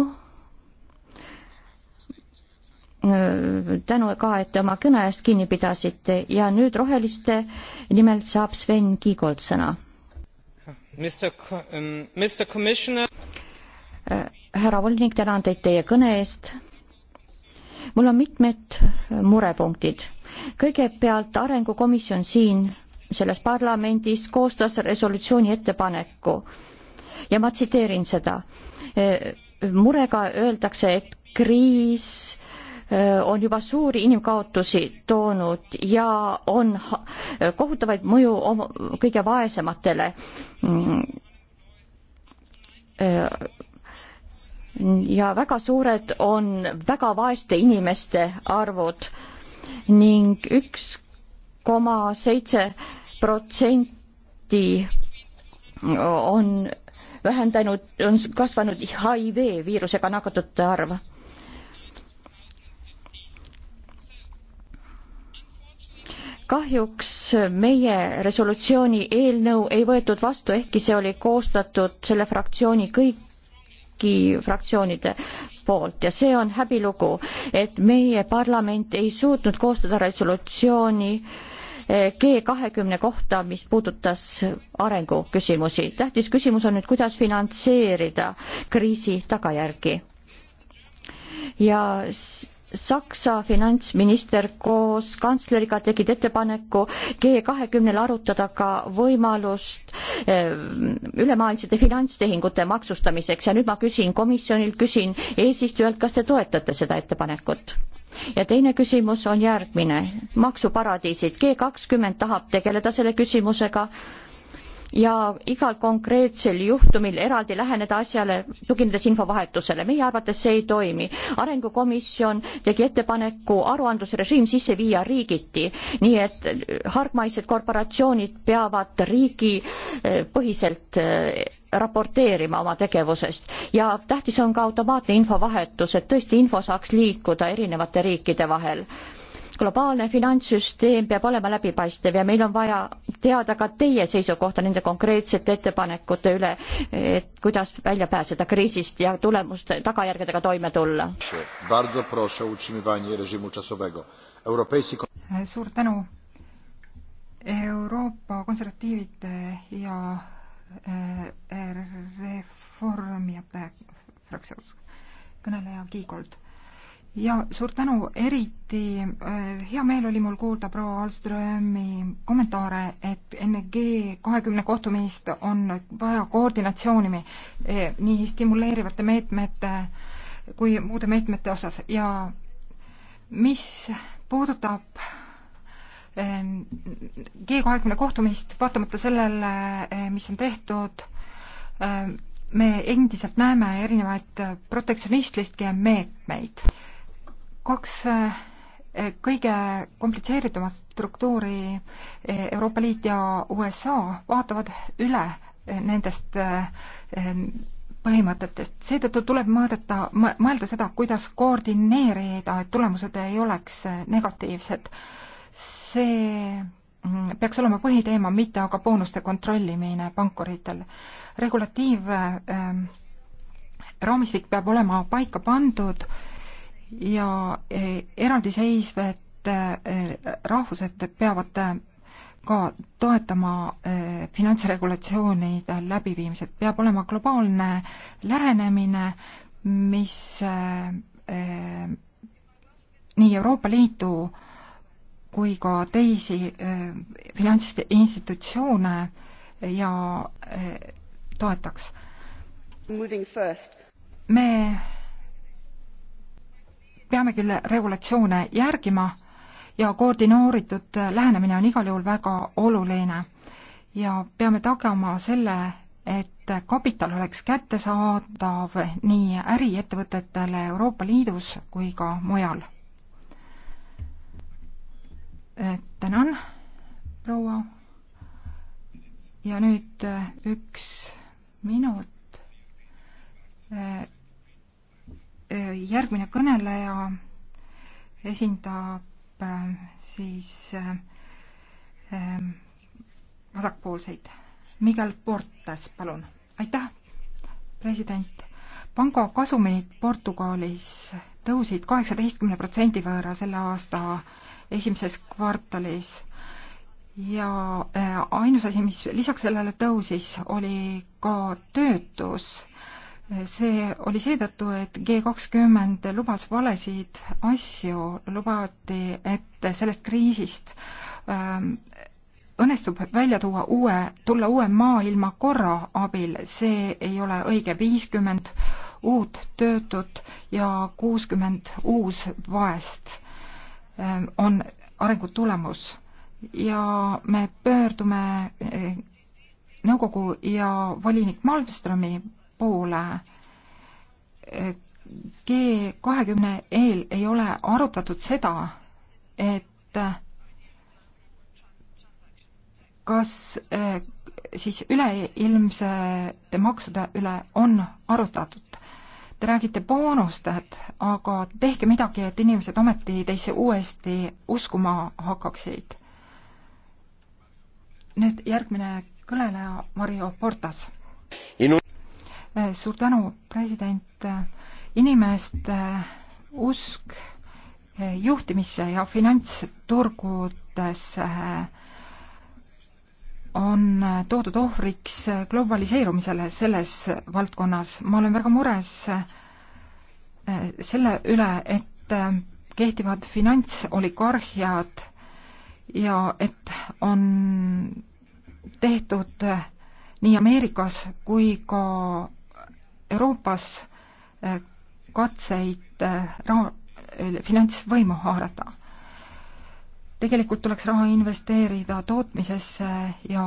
Äh, tänu ka, et te oma kõne eest kinni pidasite ja nüüd Roheliste nimel saab Sven Kiigolt sõna. Ähm, äh, härra volinik, tänan teid teie kõne eest. mul on mitmed murepunktid. kõigepealt Arengukomisjon siin selles parlamendis koostas resolutsiooni ettepaneku ja ma tsiteerin seda. Äh, murega öeldakse, et kriis Äh, on juba suuri inimkaotusi toonud ja on kohutavaid mõju kõige vaesematele. Mm. Äh, ja väga suured on väga vaeste inimeste arvud ning üks koma seitse protsenti on vähendanud, on kasvanud HIV viirusega nakatute arv kahjuks meie resolutsiooni eelnõu ei võetud vastu, ehkki see oli koostatud selle fraktsiooni kõiki fraktsioonide poolt ja see on häbilugu, et meie parlament ei suutnud koostada resolutsiooni eh, G kahekümne kohta, mis puudutas arenguküsimusi. tähtis küsimus on nüüd, kuidas finantseerida kriisi tagajärgi ja. ja Saksa finantsminister koos kantsleriga tegid ettepaneku G20-l arutada ka võimalust eh, ülemaailmsete finantstehingute maksustamiseks ja nüüd ma küsin komisjonil, küsin eesistujalt, kas te toetate seda ettepanekut? ja teine küsimus on järgmine, maksuparadiisid, G20 tahab tegeleda selle küsimusega ja igal konkreetsel juhtumil eraldi läheneda asjale, tuginedes infovahetusele. meie arvates see ei toimi. arengukomisjon tegi ettepaneku aruandlusrežiim sisse viia riigiti, nii et hargmaised korporatsioonid peavad riigipõhiselt eh, eh, raporteerima oma tegevusest ja tähtis on ka automaatne infovahetus, et tõesti info saaks liikuda erinevate riikide vahel globaalne finantssüsteem peab olema läbipaistev ja meil on vaja teada ka teie seisukohta nende konkreetsete ettepanekute üle, et kuidas välja pääseda kriisist ja tulemuste, tagajärgedega toime tulla. suur tänu. Euroopa konservatiivide ja eh, reformijate fraktsioon, kõneleja Kiigold ja suur tänu, eriti äh, hea meel oli mul kuulda proua Alströmi kommentaare, et enne G kahekümne kohtumist on vaja koordinatsiooni äh, nii stimuleerivate meetmete kui muude meetmete osas ja mis puudutab ähm, G kahekümne kohtumist, vaatamata sellele, äh, mis on tehtud, me endiselt näeme erinevaid protektsionistlikke meetmeid kaks eh, kõige komplitseeritumat struktuuri eh, Euroopa Liit ja USA vaatavad üle eh, nendest põhimõtetest, seetõttu tuleb mõõdeta, mõelda seda, kuidas koordineerida, et tulemused ei oleks negatiivsed. see mm, peaks olema põhiteema, mitte aga boonuste kontrollimine pankuritel. regulatiivraamistik peab olema paika pandud äh, ja e, eraldiseisvad e, rahvused peavad e, ka toetama finantsregulatsioonide läbiviimised, peab olema globaalne lähenemine, mis nii Euroopa Liidu kui ka teisi finantsinstitutsioone ja toetaks. me peame küll regulatsioone järgima ja koordineeritud lähenemine on igal juhul väga oluline. ja peame tagama selle, et kapital oleks kättesaadav nii äriettevõtetele Euroopa Liidus kui ka mujal. tänan, proua. ja nüüd üks minut järgmine kõneleja esindab äh, siis äh, äh, vasakpoolseid. Miguel Portes, palun. aitäh, president. panga kasumid Portugalis tõusid kaheksateistkümne protsendi võõra selle aasta esimeses kvartalis ja ainus asi, mis lisaks sellele tõusis, oli ka töötus see oli seetõttu, et G kakskümmend lubas valesid asju, lubati, et sellest kriisist ähm, õnnestub välja tuua uue, tulla uue maailma korra abil, see ei ole õige, viiskümmend uut töötut ja kuuskümmend uus vaest ähm, on arengu tulemus ja me pöördume äh, nõukogu ja volinik Malmströmi poole. G kahekümne eel ei ole arutatud seda, et kas eh, siis üleilmsete maksude üle on arutatud. Te räägite boonustest, aga tehke midagi, et inimesed ometi teisse uuesti uskuma hakkaksid. nüüd järgmine kõneleja, Mario Portas suur tänu, president. inimeste usk juhtimisse ja finantsturgudesse eh, on toodud ohvriks globaliseerumisele selles valdkonnas. ma olen väga mures eh, selle üle, et eh, kehtivad finantsoligarhiad ja et on tehtud nii Ameerikas kui ka Euroopas eh, katseid eh, raha, eh, finantsvõimu haarata. tegelikult tuleks raha investeerida tootmisesse ja,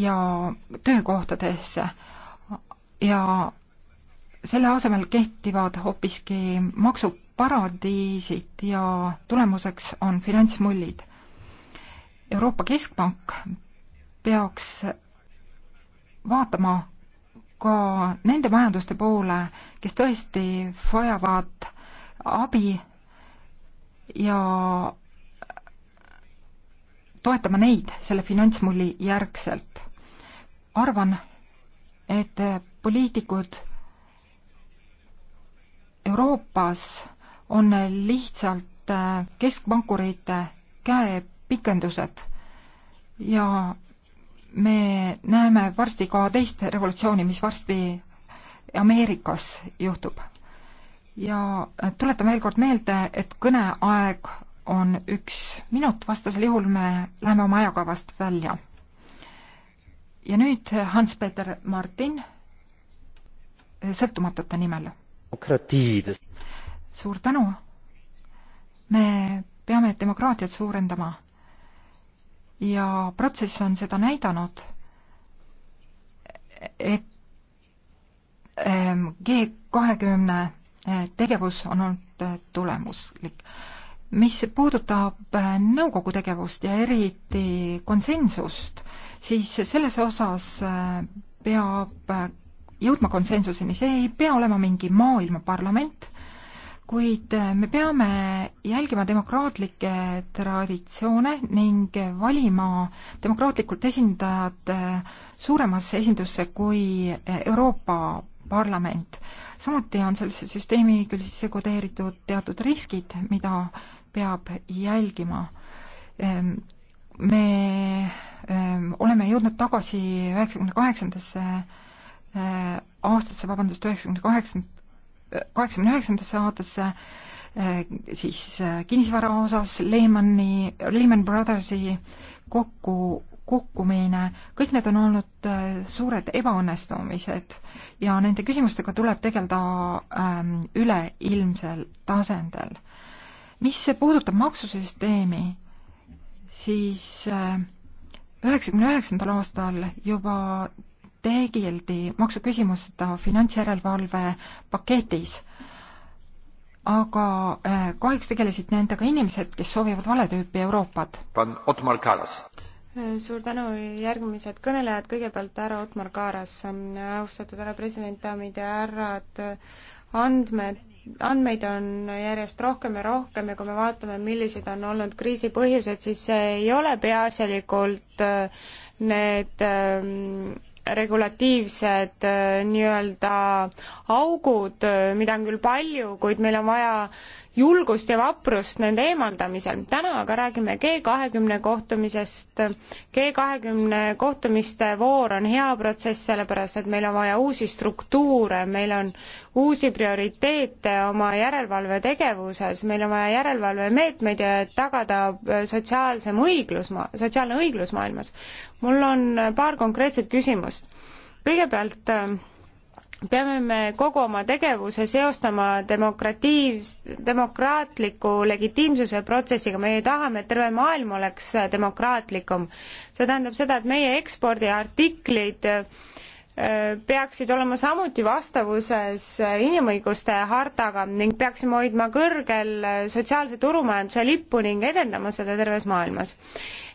ja töökohtadesse ja selle asemel kehtivad hoopiski maksuparadiisid ja tulemuseks on finantsmullid. Euroopa Keskpank peaks vaatama, ka nende majanduste poole, kes tõesti vajavad abi ja toetama neid selle finantsmulli järgselt. arvan, et poliitikud Euroopas on lihtsalt keskpankurite käepikendused ja me näeme varsti ka teist revolutsiooni, mis varsti Ameerikas juhtub. ja tuletan veel kord meelde, et kõneaeg on üks minut, vastasel juhul me läheme oma ajakavast välja. ja nüüd Hans-Peter Martin sõltumatute nimel. suur tänu! me peame demokraatiat suurendama ja protsess on seda näidanud, et ehm, G kahekümne eh, tegevus on olnud eh, tulemuslik. mis puudutab eh, nõukogu tegevust ja eriti konsensust, siis selles osas peab jõudma konsensuseni, see ei pea olema mingi maailmaparlament kuid äh, me peame jälgima demokraatlikke traditsioone ning valima demokraatlikult esindajad äh, suuremasse esindusse kui äh, Euroopa Parlament. samuti on sellesse süsteemi küll sisse kodeeritud teatud riskid, mida peab jälgima. Ähm, me ähm, oleme jõudnud tagasi üheksakümne kaheksandasse aastasse, vabandust, üheksakümne kaheksanda kaheksakümne üheksandasse aastasse, eh, siis eh, kinnisvara osas Lehmani, Lehman Brothersi kokku kukkumine, kõik need on olnud eh, suured ebaõnnestumised ja nende küsimustega tuleb tegeleda ehm, üleilmsel tasandil. mis puudutab maksusüsteemi, siis üheksakümne üheksandal aastal juba teegeldi maksuküsimusta finantsjärelevalve paketis, aga äh, kahjuks tegelesid nendega inimesed, kes soovivad vale tüüpi Euroopat. Äh, suur tänu, järgmised kõnelejad, kõigepealt härra Otmar Kaaras, ähm, austatud härra president, daamid ja härrad, andmed andmeid on järjest rohkem ja rohkem ja kui me vaatame, millised on olnud kriisi põhjused, siis see ei ole peaasjalikult äh, need ähm, regulatiivsed äh, nii-öelda augud, äh, mida on küll palju, kuid meil on vaja julgust ja vaprust nende eemaldamisel. täna aga räägime G kahekümne kohtumisest. G kahekümne kohtumiste voor on hea protsess, sellepärast et meil on vaja uusi struktuure, meil on uusi prioriteete oma järelevalve tegevuses, meil on vaja järelevalvemeetmeid ja tagada äh, sotsiaalsem õiglus, sotsiaalne õiglus maailmas. mul on äh, paar konkreetset küsimust. kõigepealt äh, peame me kogu oma tegevuse seostama demokratiivs-, demokraatliku legitiimsuse protsessiga, meie tahame, et terve maailm oleks demokraatlikum. see tähendab seda, et meie ekspordiartiklid äh, Äh, peaksid olema samuti vastavuses äh, inimõiguste hartaga ning peaksime hoidma kõrgel äh, sotsiaalse turumajanduse lippu ning edendama seda terves maailmas.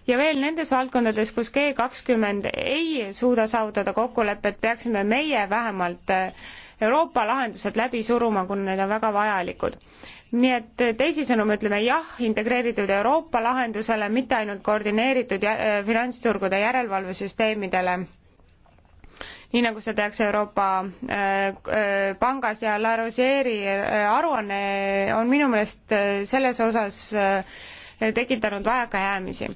ja veel nendes valdkondades, kus G kakskümmend ei suuda saavutada kokkulepet, peaksime meie vähemalt Euroopa lahendused läbi suruma, kuna need on väga vajalikud. nii et teisisõnu me ütleme jah integreeritud Euroopa lahendusele, mitte ainult koordineeritud finantsturgude järelevalvesüsteemidele nii nagu seda tehakse Euroopa äh, äh, Pangas ja La Rosieri äh, aruanne on minu meelest selles osas tekitanud vajakajäämisi.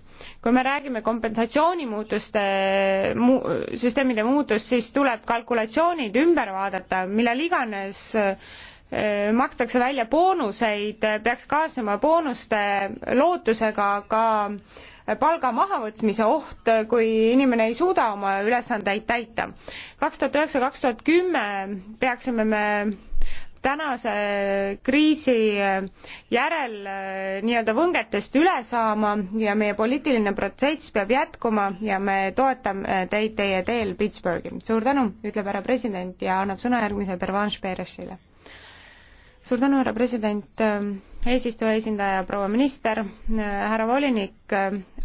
kui me räägime kompensatsioonimuutuste mu,, süsteemide muutust, siis tuleb kalkulatsioonid ümber vaadata, millal iganes makstakse välja boonuseid, peaks kaasnema boonuste lootusega ka äh, palga mahavõtmise oht, kui inimene ei suuda oma ülesandeid täita. kaks tuhat üheksa, kaks tuhat kümme peaksime me tänase kriisi järel äh, nii-öelda võngetest üle saama ja meie poliitiline protsess peab jätkuma ja me toetame äh, teid teie teel Pittsburghi. suur tänu, ütleb härra president ja annab sõna järgmisele Pervanš Peresile. suur tänu, härra president, äh, eesistuja esindaja, proua minister, härra volinik,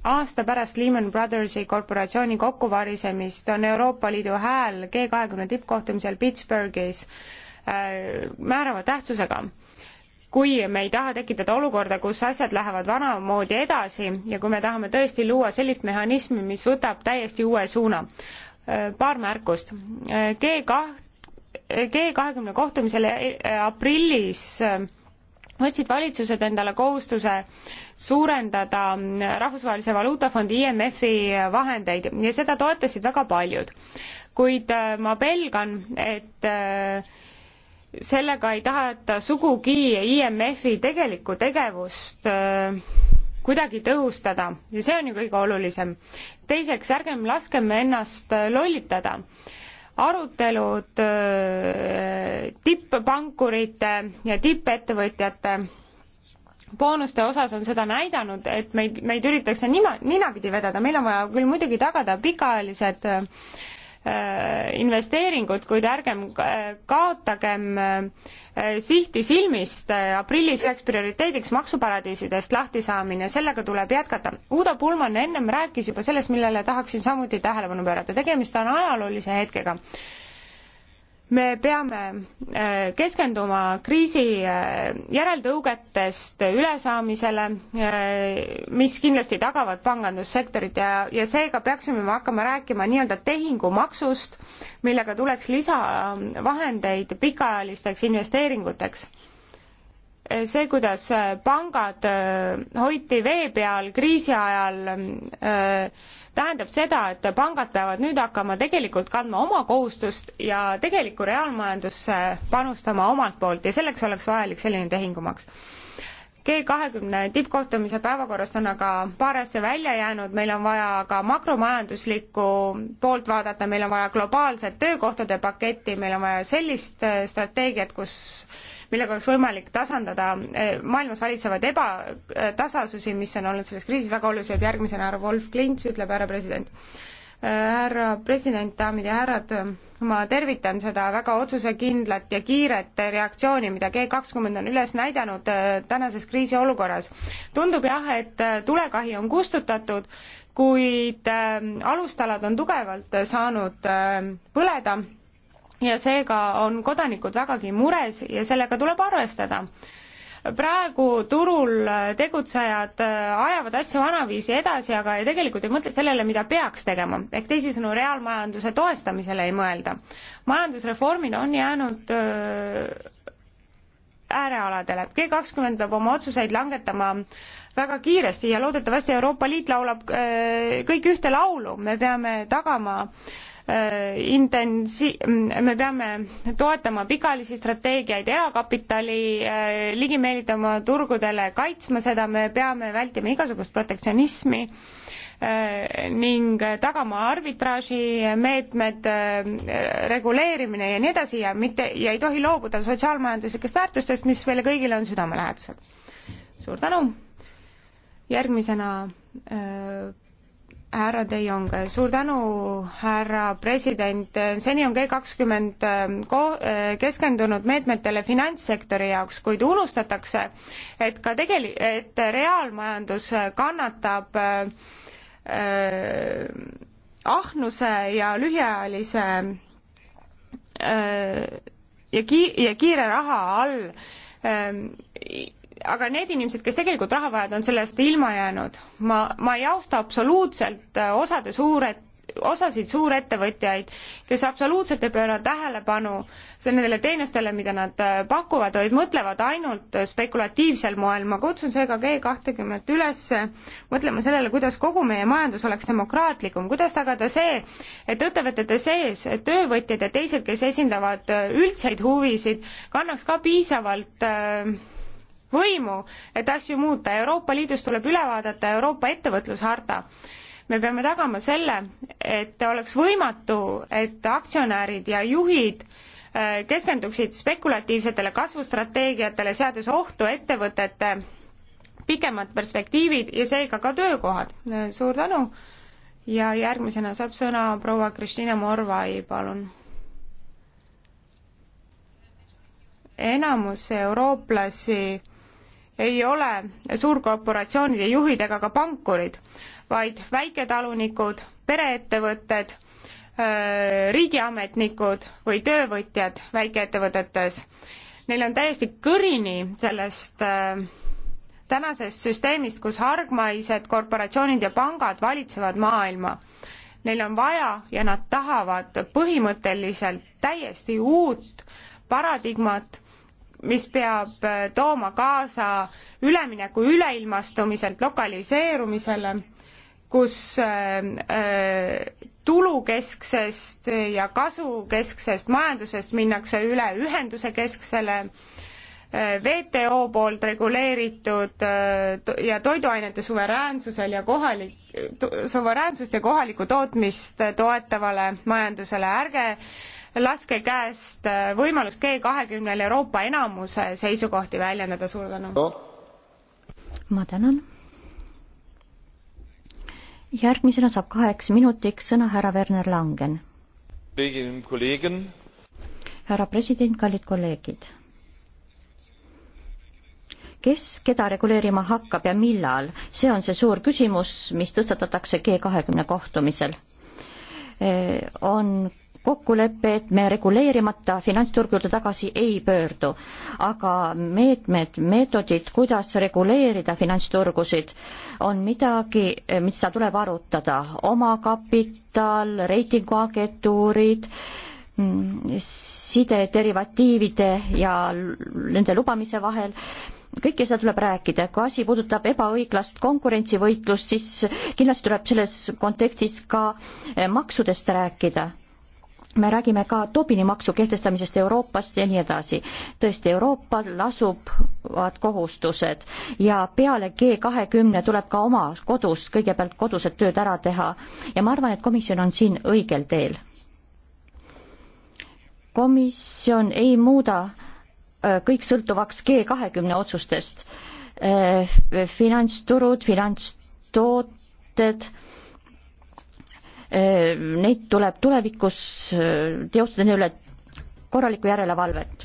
aasta pärast Lehman Brothersi korporatsiooni kokkuvarisemist on Euroopa Liidu hääl G kahekümne tippkohtumisel Pittsburghis äh, määrava tähtsusega. kui me ei taha tekitada olukorda, kus asjad lähevad vanamoodi edasi ja kui me tahame tõesti luua sellist mehhanismi, mis võtab täiesti uue suuna äh,. paar märkust äh,. G kaht-, äh, G kahekümne kohtumisel äh, aprillis äh, võtsid valitsused endale kohustuse suurendada Rahvusvahelise Valuutafondi IMF-i vahendeid ja seda toetasid väga paljud. kuid äh, ma pelgan, et äh, sellega ei taheta sugugi IMF-i tegelikku tegevust äh, kuidagi tõhustada ja see on ju kõige olulisem. teiseks, ärgem laskem ennast lollitada arutelud tipppankurite ja tippettevõtjate boonuste osas on seda näidanud, et meid, meid üritatakse nina, ninapidi vedada, meil on vaja küll muidugi tagada pikaajalised Äh, investeeringut, kuid ärgem äh, kaotagem äh, sihti silmist. aprillis üheks prioriteediks maksuparadiisidest lahtisaamine, sellega tuleb jätkata. Uudo Pulman ennem rääkis juba sellest, millele tahaksin samuti tähelepanu pöörata. tegemist on ajaloolise hetkega me peame äh, keskenduma kriisi äh, järeltõugetest ülesaamisele, äh, mis kindlasti tagavad pangandussektorit ja, ja seega peaksime me hakkama rääkima nii-öelda tehingumaksust, millega tuleks lisavahendeid pikaajalisteks investeeringuteks. see, kuidas pangad hoiti vee peal kriisi ajal, tähendab seda, et pangad peavad nüüd hakkama tegelikult kandma oma kohustust ja tegelikku reaalmajandusse panustama omalt poolt ja selleks oleks vajalik selline tehingumaks. G kahekümne tippkohtumise päevakorrast on aga paar asja välja jäänud, meil on vaja ka makromajanduslikku poolt vaadata, meil on vaja globaalset töökohtade paketti, meil on vaja sellist äh, strateegiat, kus millega oleks võimalik tasandada eh, maailmas valitsevaid ebatasasusi, mis on olnud selles kriisis väga olulised, järgmisena härra Wolf Klints ütleb, härra president. Eh, härra president, daamid ja härrad, ma tervitan seda väga otsusekindlat ja kiiret reaktsiooni, mida G kakskümmend on üles näidanud eh, tänases kriisiolukorras. tundub jah, et tulekahi on kustutatud, kuid alustalad on tugevalt saanud põleda ja seega on kodanikud vägagi mures ja sellega tuleb arvestada. praegu turul tegutsejad äh, ajavad asju vanaviisi edasi, aga ei tegelikult ei mõtle sellele, mida peaks tegema, ehk teisisõnu, reaalmajanduse toestamisele ei mõelda. majandusreformid on jäänud öö, äh, äärealadele. G kakskümmend peab oma otsuseid langetama väga kiiresti ja loodetavasti Euroopa Liit laulab öö, äh, kõik ühte laulu, me peame tagama öö, Äh, intensi-, mm, me peame toetama pikaajalisi strateegiaid, erakapitali äh, ligi meelitama turgudele, kaitsma seda, me peame vältima igasugust protektsionismi äh, ning tagama arbitraaži meetmed, reguleerimine ja nii edasi ja mitte, ja ei tohi loobuda sotsiaalmajanduslikest väärtustest, mis meile kõigile on südamelähedased. suur tänu! järgmisena äh, härra De Jong, suur tänu, härra president, seni on G kakskümmend ähm, äh, keskendunud meetmetele finantssektori jaoks, kuid unustatakse, et ka tegeli-, et reaalmajandus kannatab äh, ahnuse ja lühiajalise äh, ja ki- ja kiire raha all äh, aga need inimesed, kes tegelikult raha vajavad, on sellest ilma jäänud. ma, ma ei austa absoluutselt äh, osade suured osasid suurettevõtjaid, kes absoluutselt ei pööra tähelepanu nendele teenustele, mida nad äh, pakuvad, vaid mõtlevad ainult äh, spekulatiivsel moel. ma kutsun seega G kahtekümmet üles mõtlema sellele, kuidas kogu meie majandus oleks demokraatlikum, kuidas tagada see, et ettevõtete sees töövõtjad ja teised, kes esindavad üldseid huvisid, kannaks ka piisavalt äh, võimu, et asju muuta. Euroopa Liidus tuleb üle vaadata Euroopa ettevõtlusharta. me peame tagama selle, et oleks võimatu, et aktsionärid ja juhid äh, keskenduksid spekulatiivsetele kasvustrateegiatele, seades ohtu ettevõtete pikemad perspektiivid ja seega ka töökohad. suur tänu ja järgmisena saab sõna proua Kristina Morvai, palun. enamus eurooplasi ei ole suurkorporatsioonide juhid ega ka pankurid, vaid väiketalunikud, pereettevõtted, riigiametnikud või töövõtjad väikeettevõtetes. Neil on täiesti kõrini sellest tänasest süsteemist, kus hargmaised korporatsioonid ja pangad valitsevad maailma. Neil on vaja ja nad tahavad põhimõtteliselt täiesti uut paradigmat mis peab äh, tooma kaasa ülemineku üleilmastumiselt lokaliseerumisele, kus äh, äh, tulukesksest ja kasukesksest majandusest minnakse üle ühenduse kesksele WTO poolt reguleeritud ja toiduainete suveräänsusel ja kohalik, suveräänsust ja kohalikku tootmist toetavale majandusele, ärge laske käest äh, võimalus G kahekümnel Euroopa enamuse seisukohti väljendada, suur tänu no.. ma tänan. järgmisena saab kaheks minutiks sõna härra Werner Langen. härra president, kallid kolleegid kes keda reguleerima hakkab ja millal, see on see suur küsimus, mis tõstatatakse G kahekümne kohtumisel. Eh, on kokkulepe, et me reguleerimata finantsturgude tagasi ei pöördu, aga meetmed, meetodid, kuidas reguleerida finantsturgusid, on midagi, mida tuleb arutada, omakapital, reitinguagentuurid, side derivatiivide ja nende lubamise vahel kõike seda tuleb rääkida, kui asi puudutab ebaõiglast konkurentsivõitlust, siis kindlasti tuleb selles kontekstis ka maksudest rääkida me räägime ka Tobini-maksu kehtestamisest Euroopas ja nii edasi. tõesti, Euroopal lasuvad kohustused ja peale G kahekümne tuleb ka oma kodus kõigepealt kodused tööd ära teha ja ma arvan, et komisjon on siin õigel teel. komisjon ei muuda äh, kõik sõltuvaks G kahekümne otsustest. Äh, finantsturud, finantstooted Ehm, neid tuleb tulevikus ehm, teostada neile korralikku järelevalvet.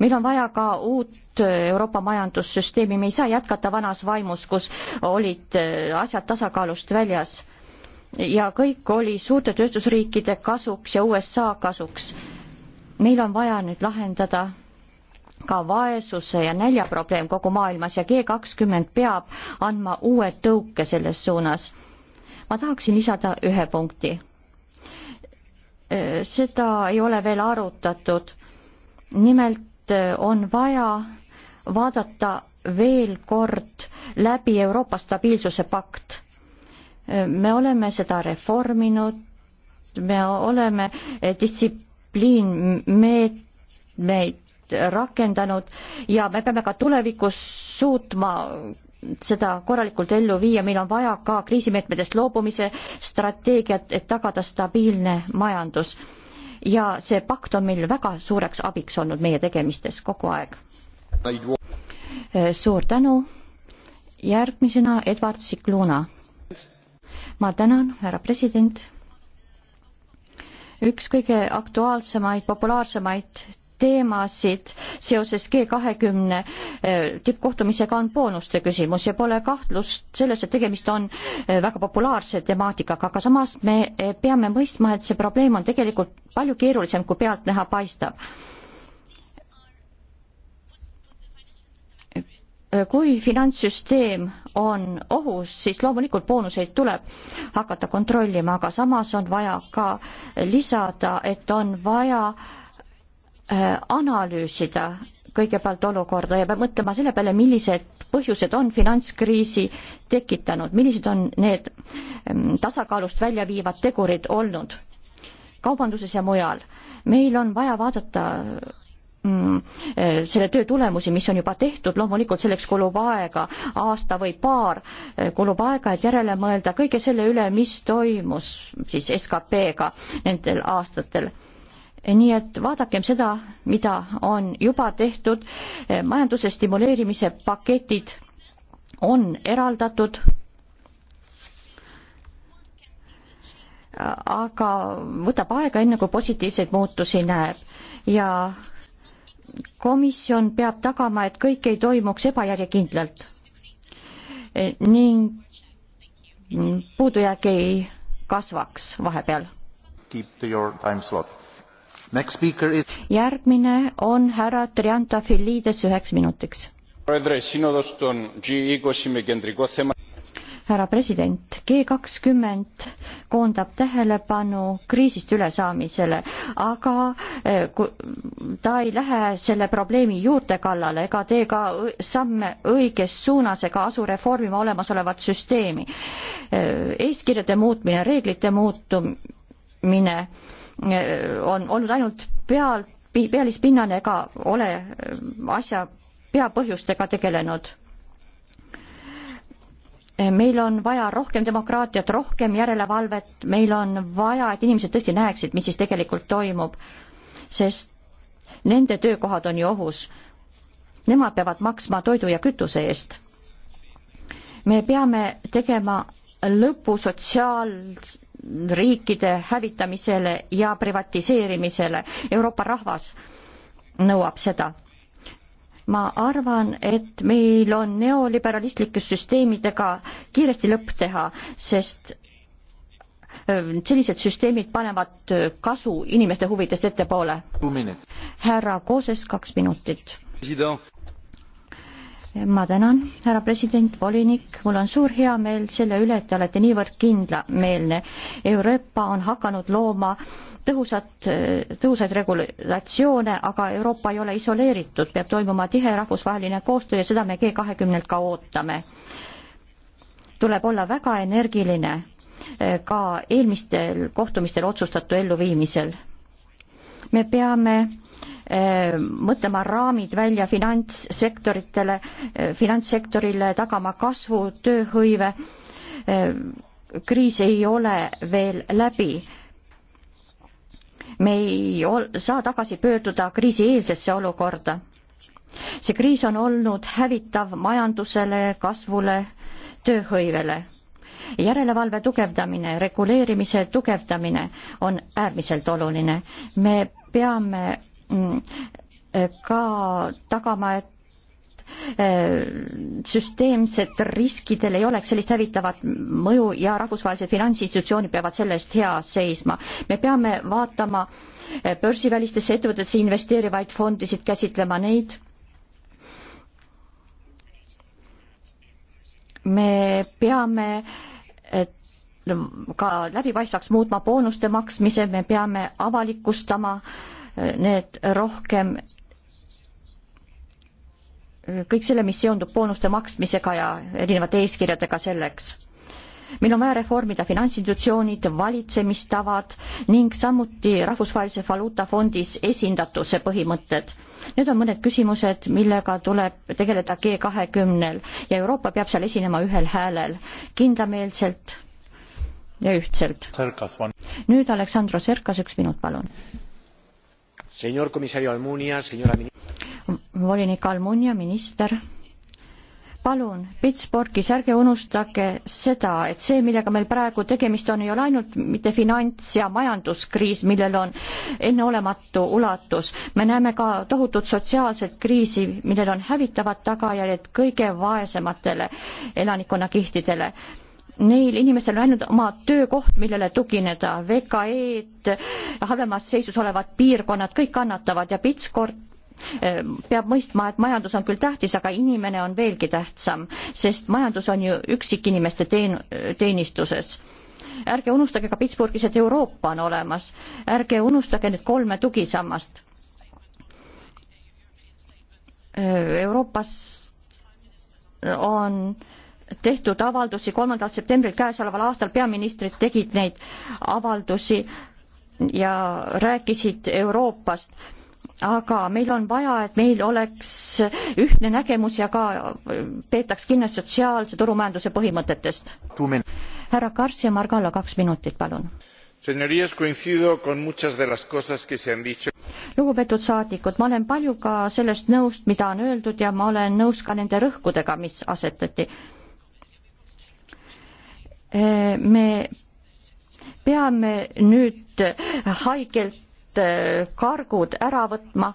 meil on vaja ka uut ehm, Euroopa majandussüsteemi, me ei saa jätkata vanas vaimus, kus olid asjad tasakaalust väljas ja kõik oli suurte tööstusriikide kasuks ja USA kasuks. meil on vaja nüüd lahendada ka vaesuse ja nälja probleem kogu maailmas ja G kakskümmend peab andma uue tõuke selles suunas ma tahaksin lisada ühe punkti. seda ei ole veel arutatud. nimelt on vaja vaadata veel kord läbi Euroopa stabiilsuse pakt. me oleme seda reforminud, me oleme e, distsipliinmeetmeid rakendanud ja me peame ka tulevikus suutma seda korralikult ellu viia, meil on vaja ka kriisimeetmetest loobumise strateegiat, et tagada stabiilne majandus. ja see pakt on meil väga suureks abiks olnud meie tegemistes kogu aeg. suur tänu. järgmisena Edward Sikluna. ma tänan, härra president. üks kõige aktuaalsemaid, populaarsemaid teemasid seoses G kahekümne eh, tippkohtumisega on boonuste küsimus ja pole kahtlust selles, et tegemist on eh, väga populaarse temaatikaga, aga samas me eh, peame mõistma, et see probleem on tegelikult palju keerulisem, kui pealtnäha paistab. kui finantssüsteem on ohus, siis loomulikult boonuseid tuleb hakata kontrollima, aga samas on vaja ka lisada, et on vaja äh, Äh, analüüsida kõigepealt olukorda ja peab mõtlema selle peale, millised põhjused on finantskriisi tekitanud, millised on need mm, tasakaalust välja viivad tegurid olnud kaubanduses ja mujal. meil on vaja vaadata mm, äh, selle töö tulemusi, mis on juba tehtud, loomulikult selleks kulub aega, aasta või paar äh, kulub aega, et järele mõelda kõige selle üle, mis toimus siis SKP-ga nendel aastatel nii et vaadakem seda, mida on juba tehtud, majanduse stimuleerimise paketid on eraldatud, aga võtab aega, enne kui positiivseid muutusi näeb ja komisjon peab tagama, et kõik ei toimuks ebajärjekindlalt ning puudujääk ei kasvaks vahepeal. Keep to your time slot Is... järgmine on härra Triantafilides üheks minutiks. härra president, G kakskümmend koondab tähelepanu kriisist ülesaamisele, aga eh, ta ei lähe selle probleemi juurte kallale ega tee ka samme õiges suunas ega asu reformima olemasolevat süsteemi. Eh, eeskirjade muutmine, reeglite muutumine on olnud ainult peal, pealispinnane ega ole äh, asja peapõhjustega tegelenud meil on vaja rohkem demokraatiat, rohkem järelevalvet, meil on vaja, et inimesed tõesti näeksid, mis siis tegelikult toimub, sest nende töökohad on ju ohus. Nemad peavad maksma toidu ja kütuse eest. me peame tegema lõpu sotsiaal- riikide hävitamisele ja privatiseerimisele. Euroopa rahvas nõuab seda. ma arvan, et meil on neoliberalistlike süsteemidega kiiresti lõpp teha, sest sellised süsteemid panevad kasu inimeste huvidest ettepoole. härra Kooses, kaks minutit ma tänan, härra president, volinik, mul on suur heameel selle üle, et te olete niivõrd kindlameelne. Euroopa on hakanud looma tõhusat, tõhusaid regulatsioone, aga Euroopa ei ole isoleeritud, peab toimuma tihe rahvusvaheline koostöö ja seda me G kahekümnelt ka ootame. tuleb olla väga energiline eh, ka eelmistel kohtumistel otsustatu elluviimisel. me peame äh, Ehm, mõtlema raamid välja finantssektoritele, eh, finantssektorile, tagama kasvu, tööhõive. Ehm, kriis ei ole veel läbi. me ei saa tagasi pöörduda kriisieelsesse olukorda. see kriis on olnud hävitav majandusele, kasvule, tööhõivele järelevalve tugevdamine, reguleerimise tugevdamine on äärmiselt oluline. me peame Mm, ka tagama, et eh, süsteemsed riskidel ei oleks sellist hävitavat mõju ja rahvusvahelised finantsinstitutsioonid peavad selle eest hea seisma. me peame vaatama eh, börsivälistesse ettevõtetesse investeerivaid fondisid, käsitlema neid. me peame ka läbipaistvaks muutma boonuste maksmise, me peame avalikustama äh, need rohkem kõik selle, mis seondub boonuste maksmisega ja erinevate eeskirjadega selleks. meil on vaja reformida finantsinstitutsioonid, valitsemistavad ning samuti Rahvusvahelise Valuutafondis esindatuse põhimõtted. Need on mõned küsimused, millega tuleb tegeleda G kahekümnel ja Euroopa peab seal esinema ühel häälel, kindlameelselt ja ühtselt. nüüd Aleksandr Serkas, üks minut, palun señor comisario Almunia, señora volinik Almunia, minister, palun, Pittsburghis ärge unustage seda, et see, millega meil praegu tegemist on, ei ole ainult mitte finants- ja majanduskriis, millel on enneolematu ulatus. me näeme ka tohutut sotsiaalset kriisi, millel on hävitavad tagajärjed kõige vaesematele elanikkonnakihtidele neil inimestel on ainult oma töökoht, millele tugineda, VKE-d, halvemas seisus olevad piirkonnad, kõik kannatavad ja Pitskord eh, peab mõistma, et majandus on küll tähtis, aga inimene on veelgi tähtsam, sest majandus on ju üksikinimeste teen-, teenistuses ärge unustage ka Pittsburghis, et Euroopa on olemas, ärge unustage need kolme tugisammast. Eh, Euroopas on äh, tehtud avaldusi, kolmandal septembril käesoleval aastal peaministrid tegid neid avaldusi ja rääkisid Euroopast aga meil on vaja, et meil oleks ühtne nägemus ja ka peetaks kinni sotsiaalse turumajanduse põhimõtetest. härra Kars ja Margalla, kaks minutit, palun. lugupeetud saadikud, ma olen paljuga sellest nõust, mida on öeldud ja ma olen nõus ka nende rõhkudega, mis asetati Eh, me peame nüüd haigelt eh, kargud ära võtma,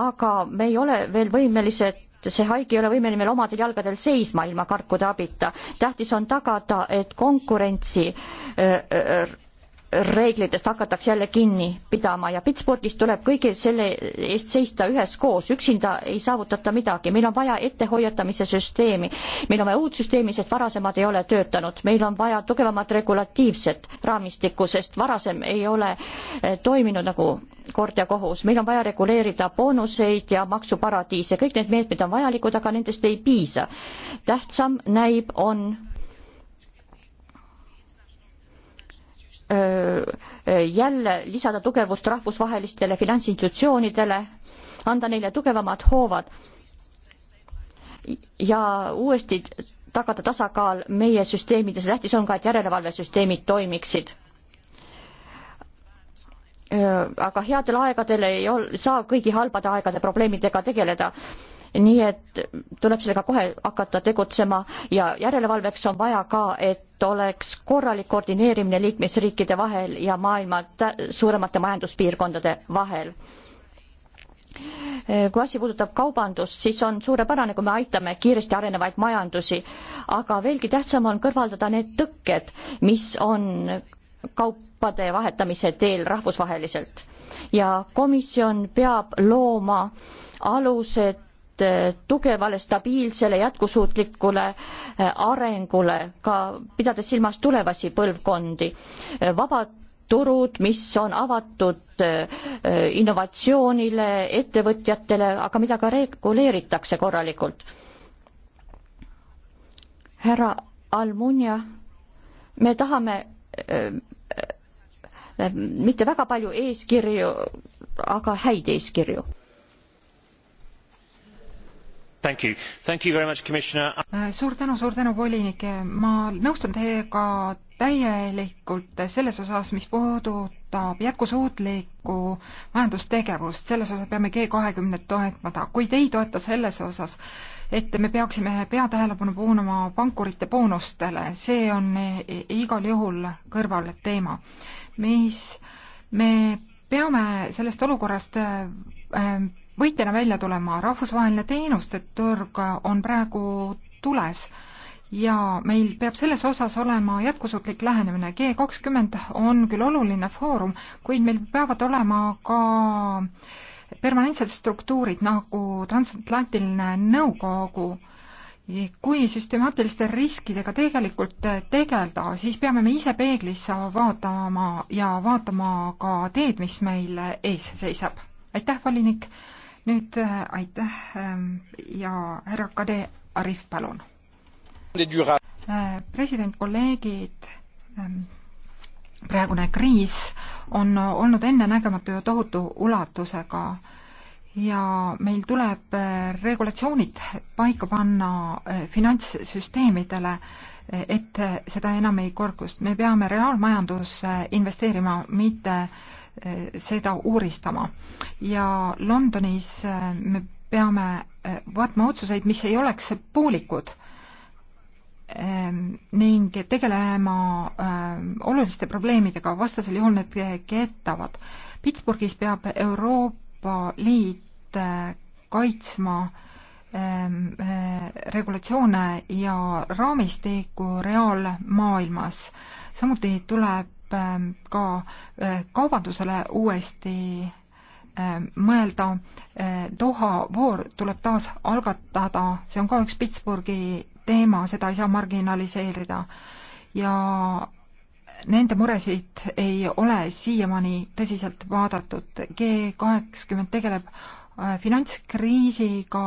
aga me ei ole veel võimelised see haige ei ole võimeline meil omadel jalgadel seisma ilma karkude abita. tähtis on tagada, et konkurentsi eh, reeglitest hakatakse jälle kinni pidama ja Pittsburghis tuleb kõige selle eest seista üheskoos, üksinda ei saavutata midagi, meil on vaja ettehoiatamise süsteemi, meil on vaja uut süsteemi, sest varasemad ei ole töötanud, meil on vaja tugevamat regulatiivset raamistikku, sest varasem ei ole eh, toiminud nagu kord ja kohus, meil on vaja reguleerida boonuseid ja maksuparadiise, kõik need meetmed on vajalikud, aga nendest ei piisa. tähtsam näib, on jälle lisada tugevust rahvusvahelistele finantsinstitutsioonidele, anda neile tugevamad hoovad ja uuesti tagada tasakaal meie süsteemides. tähtis on ka, et järelevalvesüsteemid toimiksid. aga headel aegadel ei ol-, saa kõigi halbade aegade probleemidega tegeleda nii et tuleb sellega kohe hakata tegutsema ja järelevalveks on vaja ka, et oleks korralik koordineerimine liikmesriikide vahel ja maailma suuremate majanduspiirkondade vahel kui asi puudutab kaubandust, siis on suurepärane, kui me aitame kiiresti arenevaid majandusi, aga veelgi tähtsam on kõrvaldada need tõkked, mis on kaupade vahetamise teel rahvusvaheliselt. ja komisjon peab looma alused Eh, tugevale, stabiilsele, jätkusuutlikule eh, arengule, ka pidades silmas tulevasi põlvkondi. Eh, vabad turud, mis on avatud innovatsioonile, ettevõtjatele, aga mida ka reguleeritakse korralikult. härra Almunia, me tahame mitte väga palju eeskirju, aga häid eeskirju Thank you. Thank you very much, Commissioner. Äh, suur tänu, suur tänu, volinik. ma nõustun teiega täielikult selles osas, mis puudutab jätkusuutlikku majandustegevust, selles osas peame G kahekümnet toetama, kuid ei toeta selles osas, et me peaksime peatähelepanu puunama pankurite boonustele, see on igal juhul kõrvalteema, mis me peame sellest olukorrast äh, võitjana välja tulema. rahvusvaheline teenuste turg on praegu tules ja meil peab selles osas olema jätkusuutlik lähenemine. G kakskümmend on küll oluline foorum, kuid meil peavad olema ka permanentsed struktuurid nagu transatlantiline nõukogu. kui süstemaatiliste riskidega tegelikult tegeleda, siis peame me ise peeglisse vaatama ja vaatama ka teed, mis meil ees seisab. aitäh, volinik! nüüd äh, aitäh ähm, ja härra Kade Arif, palun. Äh, president, kolleegid, ähm, praegune kriis on olnud ennenägematu ja tohutu ulatusega ja meil tuleb äh, regulatsioonid paika panna finantssüsteemidele, et seda enam ei korgust. me peame reaalmajandusse investeerima, mitte äh, Eh, seda uuristama. ja Londonis eh, me peame eh, vaatma otsuseid, mis ei oleks poolikud ning tegelema oluliste probleemidega, vastasel juhul need keetavad. Pittsburghis peab Euroopa Liit kaitsma regulatsioone ja raamistiku reaalmaailmas. samuti tuleb Ähm, ka äh, kaubandusele uuesti ähm, mõelda. Äh, Doha voor tuleb taas algatada, see on ka üks Pittsburghi teema, seda ei saa marginaliseerida. ja nende muresid ei ole siiamaani tõsiselt vaadatud. G kaheksakümmend tegeleb äh, finantskriisiga,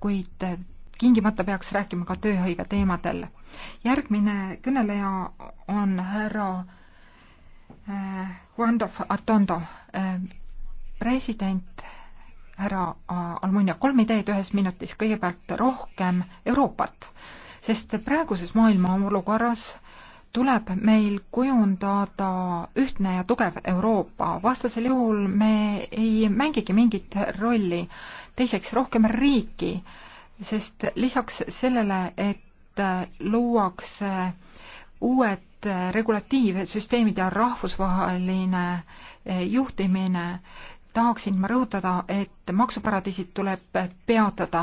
kuid tingimata peaks rääkima ka tööhõive teemadel. järgmine kõneleja on härra Eh, Randolph Atondo, eh, president härra äh, Almunia, kolm ideed ühes minutis, kõigepealt rohkem Euroopat, sest praeguses maailma olukorras tuleb meil kujundada ühtne ja tugev Euroopa, vastasel juhul me ei mängigi mingit rolli. teiseks, rohkem riiki, sest lisaks sellele, et äh, luuakse äh, uued regulatiivsüsteemid ja rahvusvaheline eh, juhtimine, tahaksin ma rõhutada, et maksuparadiisid tuleb peatada.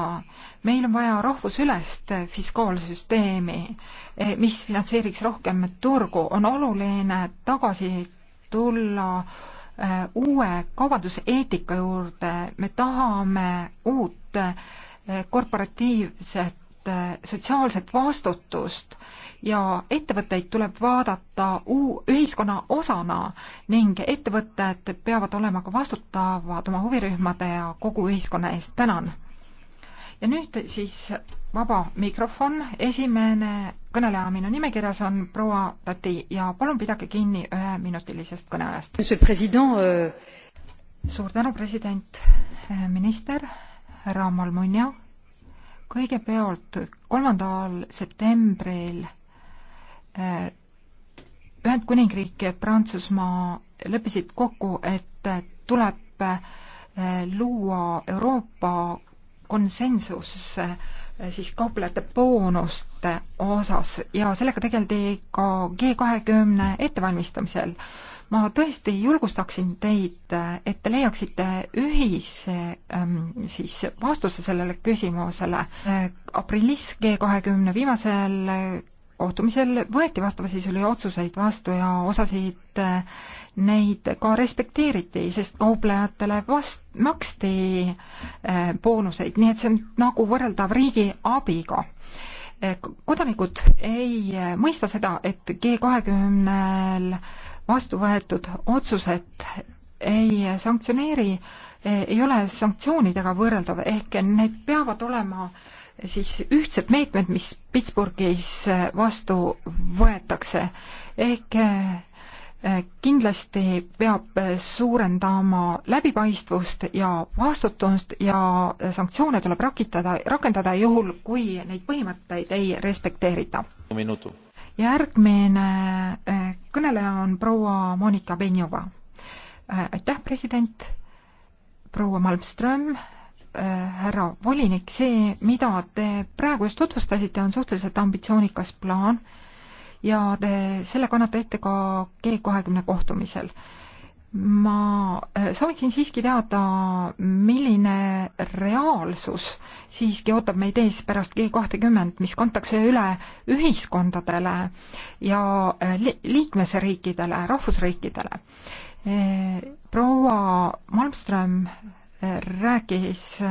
meil on vaja rahvusülest fiskaalsüsteemi, eh, mis finantseeriks rohkem turgu, on oluline tagasi tulla eh, uue kaubanduseetika juurde, me tahame uut korporatiivset sotsiaalset vastutust ja ettevõtteid tuleb vaadata uu-, ühiskonna osana ning ettevõtted peavad olema ka vastutavad oma huvirühmade ja kogu ühiskonna eest, tänan! ja nüüd siis vaba mikrofon, esimene kõneleja minu nimekirjas on proua Tati ja palun pidage kinni üheminutilisest kõneajast. Euh suur tänu, president, minister, härra Malmonja kõigepealt kolmandal septembril äh, Ühendkuningriik ja Prantsusmaa leppisid kokku, et tuleb äh, luua Euroopa konsensus äh, siis kauplejate boonuste osas ja sellega tegeldi ka G kahekümne ettevalmistamisel ma tõesti julgustaksin teid, et te leiaksite ühise ähm, siis vastuse sellele küsimusele. aprillis G kahekümne viimasel kohtumisel võeti vastavasisulisi otsuseid vastu ja osasid äh, neid ka respekteeriti, sest kauplejatele vast-, maksti äh, boonuseid, nii et see on nagu võrreldav riigi abiga äh, kodanikud ei mõista seda, et G kahekümnel 20 vastu võetud otsused ei sanktsioneeri, ei ole sanktsioonidega võrreldav, ehk need peavad olema siis ühtsed meetmed, mis Pittsburghis vastu võetakse. ehk eh, kindlasti peab suurendama läbipaistvust ja vastutust ja sanktsioone tuleb rakitada, rakendada juhul, kui neid põhimõtteid ei respekteerita. minutu järgmine eh, kõneleja on proua Monika Benjova. Eh, aitäh, president, proua Malmström, eh, härra volinik, see, mida te praegu just tutvustasite, on suhteliselt ambitsioonikas plaan ja te selle kannate ette ka G kahekümne kohtumisel ma äh, sooviksin siiski teada, milline reaalsus siiski ootab meid ees pärast G kahtekümmend, mis kantakse üle ühiskondadele ja äh, liikmesriikidele, rahvusriikidele. Äh, proua Malmström rääkis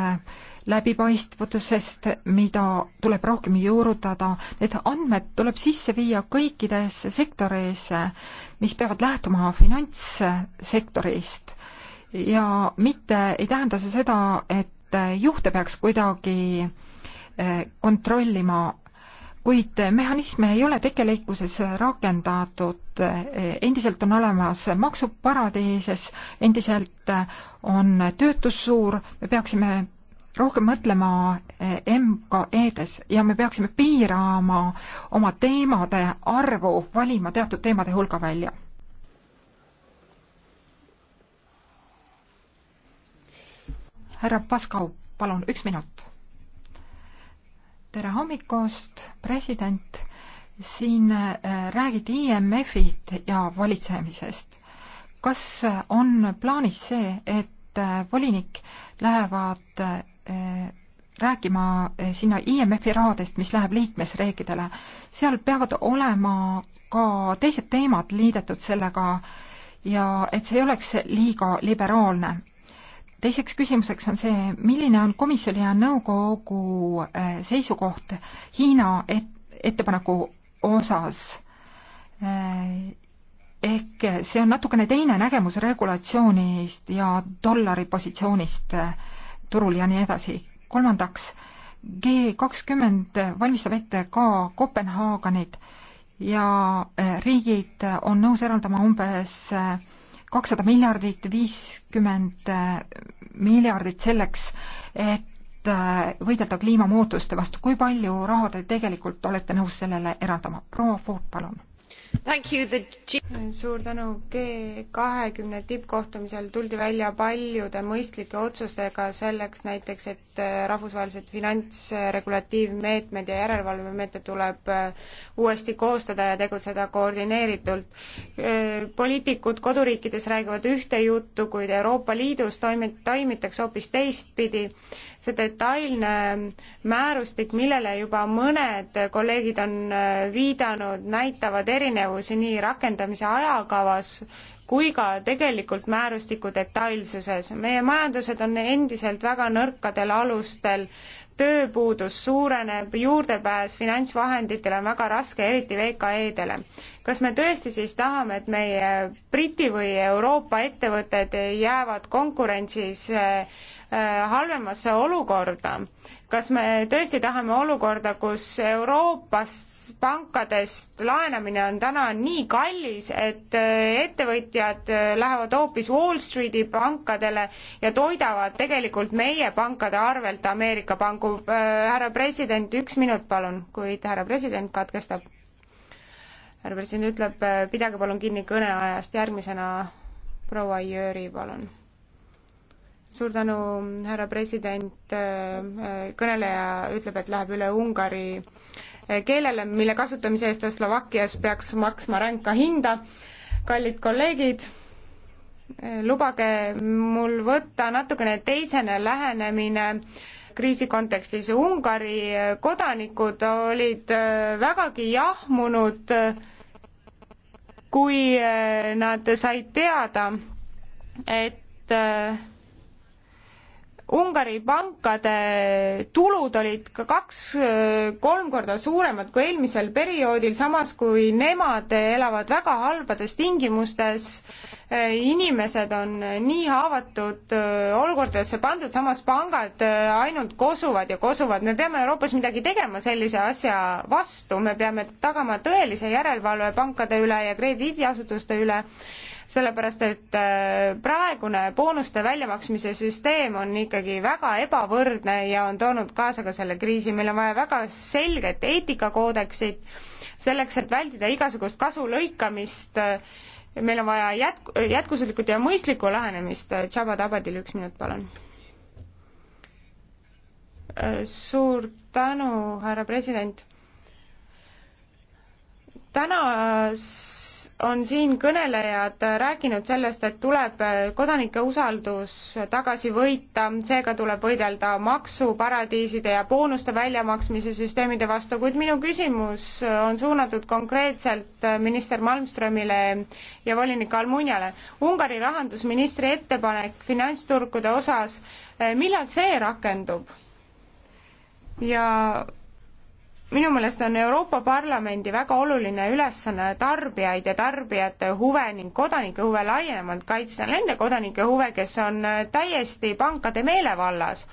läbipaistvusest, mida tuleb rohkem juurutada. Need andmed tuleb sisse viia kõikidesse sektorisse, mis peavad lähtuma finantssektorist. ja mitte ei tähenda see seda, et juhte peaks kuidagi eh, kontrollima, kuid mehhanisme ei ole tegelikkuses rakendatud, endiselt on olemas maksuparadiises, endiselt on töötus suur, me peaksime rohkem mõtlema eh, MKE-des ja me peaksime piirama oma teemade arvu, valima teatud teemade hulga välja. härra Paskau, palun, üks minut. tere hommikust, president. siin eh, räägiti IMF-it ja valitsemisest. kas on plaanis see, et eh, volinik lähevad rääkima eh, sinna IMF-i rahadest, mis läheb liikmesriikidele. seal peavad olema ka teised teemad liidetud sellega ja et see ei oleks liiga liberaalne. teiseks küsimuseks on see, milline on komisjoni ja nõukogu eh, seisukoht Hiina et-, ettepaneku osas eh, ehk see on natukene teine nägemus regulatsioonist ja dollari positsioonist äh, turul ja nii edasi. kolmandaks, G kakskümmend valmistab ette ka Kopenhaagenit ja eh, riigid on nõus eraldama umbes eh, kakssada miljardit, viiskümmend eh, miljardit selleks, et võidelda kliimamuutuste vastu. kui palju raha te tegelikult olete nõus sellele eraldama? proua Ford, palun suur tänu G kahekümne tippkohtumisel tuldi välja paljude mõistlike otsustega selleks näiteks, et äh, rahvusvahelised finantsregulatiivmeetmed ja järelevalvemeetmed tuleb äh, uuesti koostada ja tegutseda koordineeritult. Äh, poliitikud koduriikides räägivad ühte juttu, kuid Euroopa Liidus toimet-, toimitakse hoopis teistpidi see detailne määrustik, millele juba mõned kolleegid on äh, viidanud, näitavad erinevusi nii rakendamise ajakavas kui ka tegelikult määrustiku detailsuses. meie majandused on endiselt väga nõrkadel alustel, tööpuudus suureneb, juurdepääs finantsvahenditele on väga raske, eriti VKE-dele. kas me tõesti siis tahame, et meie Briti või Euroopa ettevõtted jäävad konkurentsis äh, Äh, halvemasse olukorda. kas me tõesti tahame olukorda, kus Euroopast pankadest laenamine on täna nii kallis, et äh, ettevõtjad äh, lähevad hoopis Wall Streeti pankadele ja toidavad tegelikult meie pankade arvelt Ameerika panku. härra president, üks minut palun, kuid härra president katkestab härra president ütleb, pidage palun kinni kõneajast, järgmisena proua Jüri, palun suur tänu, härra president, äh, kõneleja ütleb, et läheb üle ungari äh, keelele, mille kasutamise eest ta Slovakkias peaks maksma ränka hinda. kallid kolleegid, äh, lubage mul võtta natukene teisene lähenemine kriisi kontekstis. Ungari kodanikud olid vägagi jahmunud, kui nad said teada, et Ungari pankade tulud olid ka kaks-kolm korda suuremad kui eelmisel perioodil, samas kui nemad elavad väga halbades tingimustes inimesed on nii haavatud äh, olukordadesse pandud, samas pangad äh, ainult kosuvad ja kosuvad. me peame Euroopas midagi tegema sellise asja vastu, me peame tagama tõelise järelevalve pankade üle ja krediidiasutuste üle, sellepärast et äh, praegune boonuste väljamaksmise süsteem on ikkagi väga ebavõrdne ja on toonud kaasa ka selle kriisi. meil on vaja väga selget eetikakoodeksit selleks, et vältida igasugust kasu lõikamist äh, meil on vaja jätku, jätkusuutlikult ja mõistlikku lähenemist, Tšaba Tabadil üks minut, palun. suur tänu, härra president täna äh, on siin kõnelejad rääkinud sellest, et tuleb äh, kodanike usaldus tagasi võita, seega tuleb võidelda maksuparadiiside ja boonuste väljamaksmise süsteemide vastu, kuid minu küsimus äh, on suunatud konkreetselt minister Malmströmile ja volinik Almuniale. Ungari rahandusministri ettepanek finantsturgude osas, millal see rakendub? ja minu meelest on Euroopa Parlamendi väga oluline ülesanne tarbijaid ja tarbijate huve ning kodanike huve laiemalt kaitsta, nende kodanike huve, kes on äh, täiesti pankade meelevallas.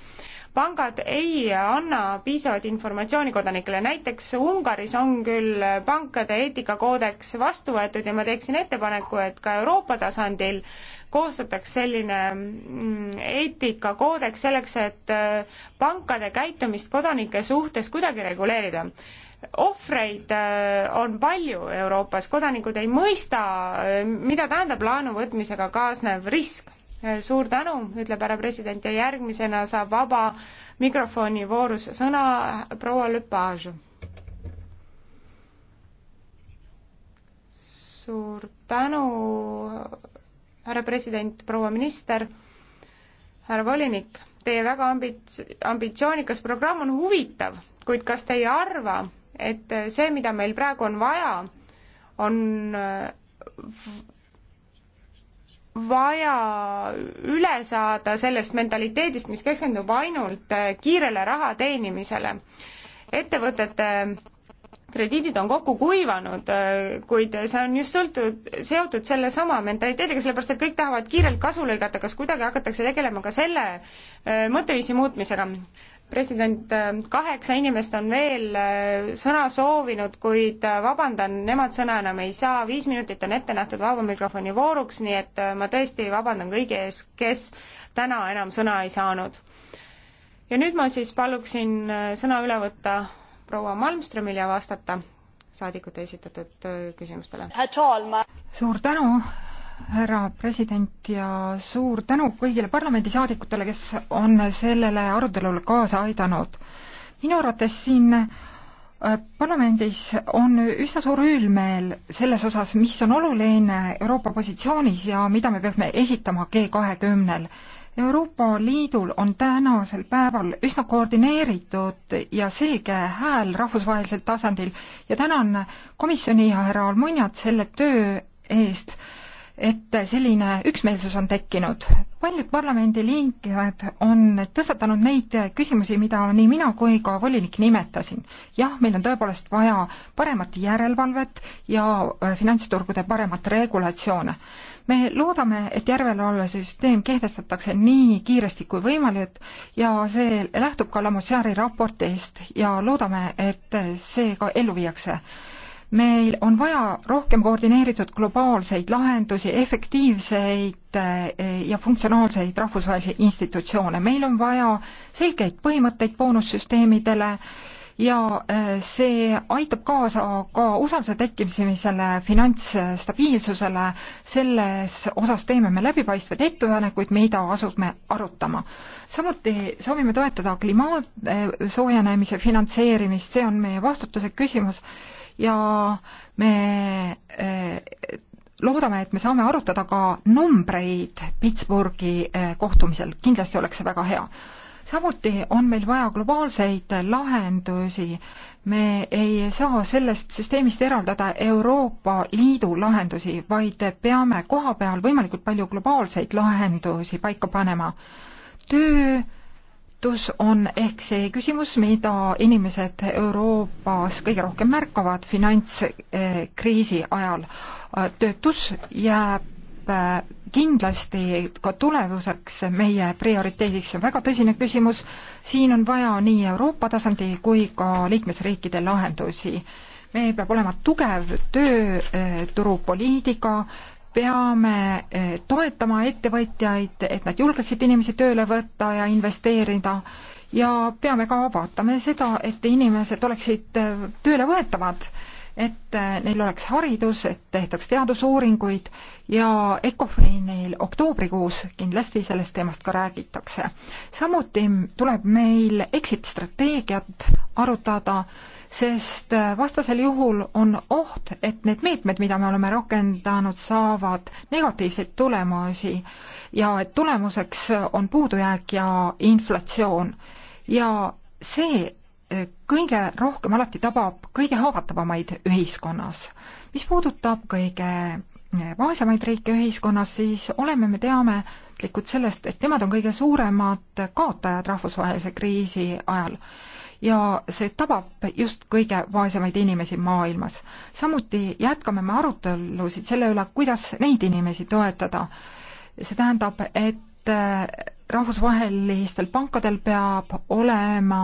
pangad ei anna piisavat informatsiooni kodanikele, näiteks Ungaris on küll pankade eetikakoodeks vastu võetud ja ma teeksin ettepaneku, et ka Euroopa tasandil koostataks selline mm, eetikakoodeks selleks, et äh, pankade käitumist kodanike suhtes kuidagi reguleerida. ohvreid äh, on palju Euroopas, kodanikud ei mõista, äh, mida tähendab laenu võtmisega kaasnev risk suur tänu, ütleb härra president ja järgmisena saab vaba mikrofoni voorus sõna proua Lepage. suur tänu, härra president, proua minister, härra volinik, teie väga ambits-, ambitsioonikas programm on huvitav, kuid kas te ei arva, et see, mida meil praegu on vaja, on vaja üle saada sellest mentaliteedist, mis keskendub ainult kiirele raha teenimisele. ettevõtete krediidid on kokku kuivanud, äh, kuid see on just sõltud, seotud sellesama mentaliteediga, sellepärast et kõik tahavad kiirelt kasu lõigata, kas kuidagi hakatakse tegelema ka selle äh, mõtteviisi muutmisega? president, äh, kaheksa inimest on veel sõna soovinud, kuid vabandan, nemad sõna enam ei saa, viis minutit on ette nähtud vaba mikrofoni vooruks, nii et ma tõesti vabandan kõigi ees, kes täna enam sõna ei saanud. ja nüüd ma siis paluksin sõna üle võtta proua Malmströmile vastata saadikute esitatud äh, küsimustele. suur tänu, härra president ja suur tänu kõigile parlamendisaadikutele, kes on sellele arutelule kaasa aidanud. minu arvates siin äh, parlamendis on üsna suur üülmeel selles osas, mis on oluline Euroopa positsioonis ja mida me peame esitama G kahekümnel Euroopa Liidul on tänasel päeval üsna koordineeritud ja selge hääl rahvusvahelisel tasandil ja tänan komisjoni ja härra Almuniat selle töö eest, et selline üksmeelsus on tekkinud. paljud parlamendiliikmed on tõstatanud neid küsimusi, mida nii mina kui ka volinik nimetasin. jah, meil on tõepoolest vaja paremat järelevalvet ja finantsturgude paremat regulatsioone me loodame, et järelevalvesüsteem kehtestatakse nii kiiresti kui võimalik ja see lähtub ka Lamossiari raportist ja loodame, et see ka ellu viiakse meil on vaja rohkem koordineeritud globaalseid lahendusi, efektiivseid eh, ja funktsionaalseid rahvusvahelisi institutsioone, meil on vaja selgeid põhimõtteid boonussüsteemidele ja äh, see aitab kaasa ka usalduse tekkimisele, finantsstabiilsusele, selles osas teeme me läbipaistvaid ettepanekuid, mida asume arutama. samuti soovime toetada kliima äh, soojenemise finantseerimist, see on meie vastutuse küsimus ja me äh, loodame, et me saame arutada ka numbreid Pittsburghi kohtumisel, kindlasti oleks see väga hea samuti on meil vaja globaalseid lahendusi. me ei saa sellest süsteemist eraldada Euroopa Liidu lahendusi, vaid peame koha peal võimalikult palju globaalseid lahendusi paika panema. töö ennetus on ehk see küsimus, mida inimesed Euroopas kõige rohkem märkavad finantskriisi ajal. töötus jääb jääb äh, kindlasti ka tulevuseks meie prioriteediks, see on väga tõsine küsimus, siin on vaja nii Euroopa tasandi kui ka liikmesriikide lahendusi. meil peab olema tugev tööturupoliitika, peame äh, toetama ettevõtjaid, et nad julgeksid inimesi tööle võtta ja investeerida ja peame ka vaatama seda, et inimesed oleksid äh, tööle võetavad et äh, neil oleks haridus, et tehtaks teadusuuringuid ja ECOFINil oktoobrikuus kindlasti sellest teemast ka räägitakse. samuti tuleb meil exit-strateegiat arutada, sest äh, vastasel juhul on oht, et need meetmed, mida me oleme rakendanud, saavad negatiivseid tulemusi ja et tulemuseks on puudujääk ja inflatsioon. ja see kõige rohkem alati tabab kõige haavatavamaid ühiskonnas. mis puudutab kõige eh, vaesemaid riike ühiskonnas, siis oleme me teadlikud sellest, et nemad on kõige suuremad kaotajad rahvusvahelise kriisi ajal. ja see tabab just kõige vaesemaid inimesi maailmas. samuti jätkame me arutelusid selle üle, kuidas neid inimesi toetada. see tähendab, et eh, rahvusvahelistel pankadel peab olema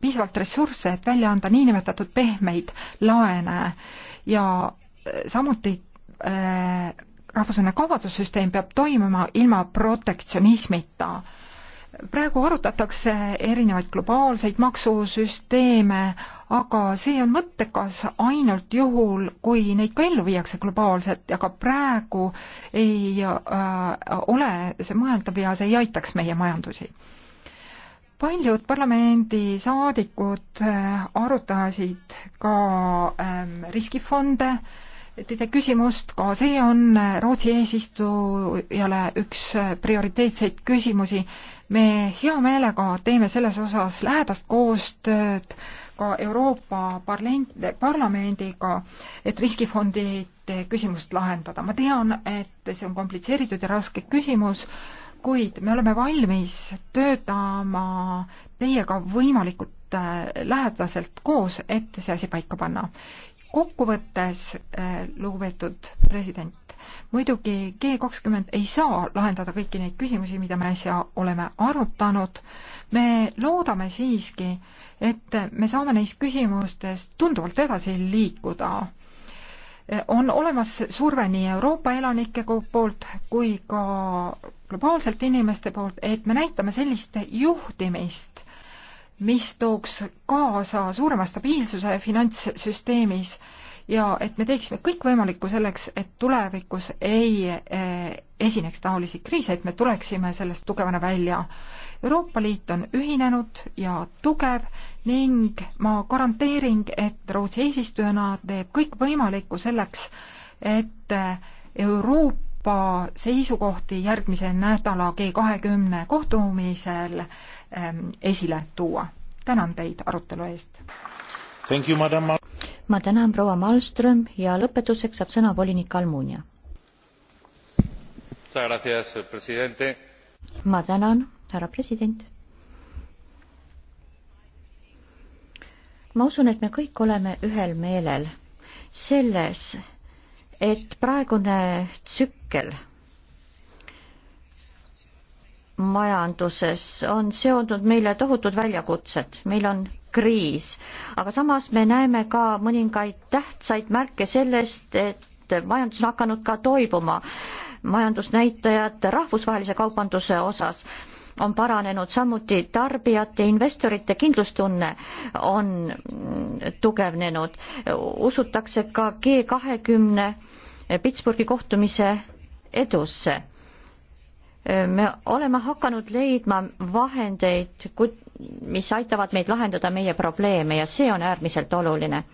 piisavalt ressursse, et välja anda niinimetatud pehmeid laene ja äh, samuti äh, rahvusvaheline kaubandussüsteem peab toimima ilma protektsionismita praegu arutatakse erinevaid globaalseid maksusüsteeme, aga see on mõttekas ainult juhul, kui neid ka ellu viiakse globaalselt ja ka praegu ei äh, ole see mõeldav ja see ei aitaks meie majandusi. paljud parlamendisaadikud äh, arutasid ka äh, riskifonde äh,, teie küsimust, ka see on Rootsi eesistujale üks äh, prioriteetseid küsimusi me hea meelega teeme selles osas lähedast koostööd ka Euroopa parlament, parlamendiga, et riskifondide küsimust lahendada. ma tean, et see on komplitseeritud ja raske küsimus, kuid me oleme valmis töötama teiega võimalikult äh, lähedaselt koos, et see asi paika panna kokkuvõttes, äh, lugupeetud president, muidugi G kakskümmend ei saa lahendada kõiki neid küsimusi, mida me äsja oleme arutanud, me loodame siiski, et me saame neist küsimustest tunduvalt edasi liikuda. Äh, on olemas surve nii Euroopa elanike poolt kui ka globaalselt inimeste poolt, et me näitame sellist juhtimist mis tooks kaasa suurema stabiilsuse finantssüsteemis ja et me teeksime kõik võimalikku selleks, et tulevikus ei eh, esineks taolisi kriise, et me tuleksime sellest tugevana välja. Euroopa Liit on ühinenud ja tugev ning ma garanteerin, et Rootsi eesistujana teeb kõik võimalikku selleks, et Euroopa seisukohti järgmise nädala G kahekümne kohtumisel äh, Ähm, esile tuua. tänan teid arutelu eest. ma tänan proua Malmström ja lõpetuseks saab sõna volinik Almunia. ma tänan, härra president. ma usun, et me kõik oleme ühel meelel selles, et praegune tsükkel majanduses on seotud meile tohutud väljakutsed, meil on kriis, aga samas me näeme ka mõningaid tähtsaid märke sellest, et majandus on hakanud ka toibuma. majandusnäitajad rahvusvahelise kaubanduse osas on paranenud, samuti tarbijate, investorite kindlustunne on tugevnenud. usutakse ka G kahekümne Pittsburghi kohtumise edusse me oleme hakanud leidma vahendeid, mis aitavad meid lahendada meie probleeme ja see on äärmiselt oluline.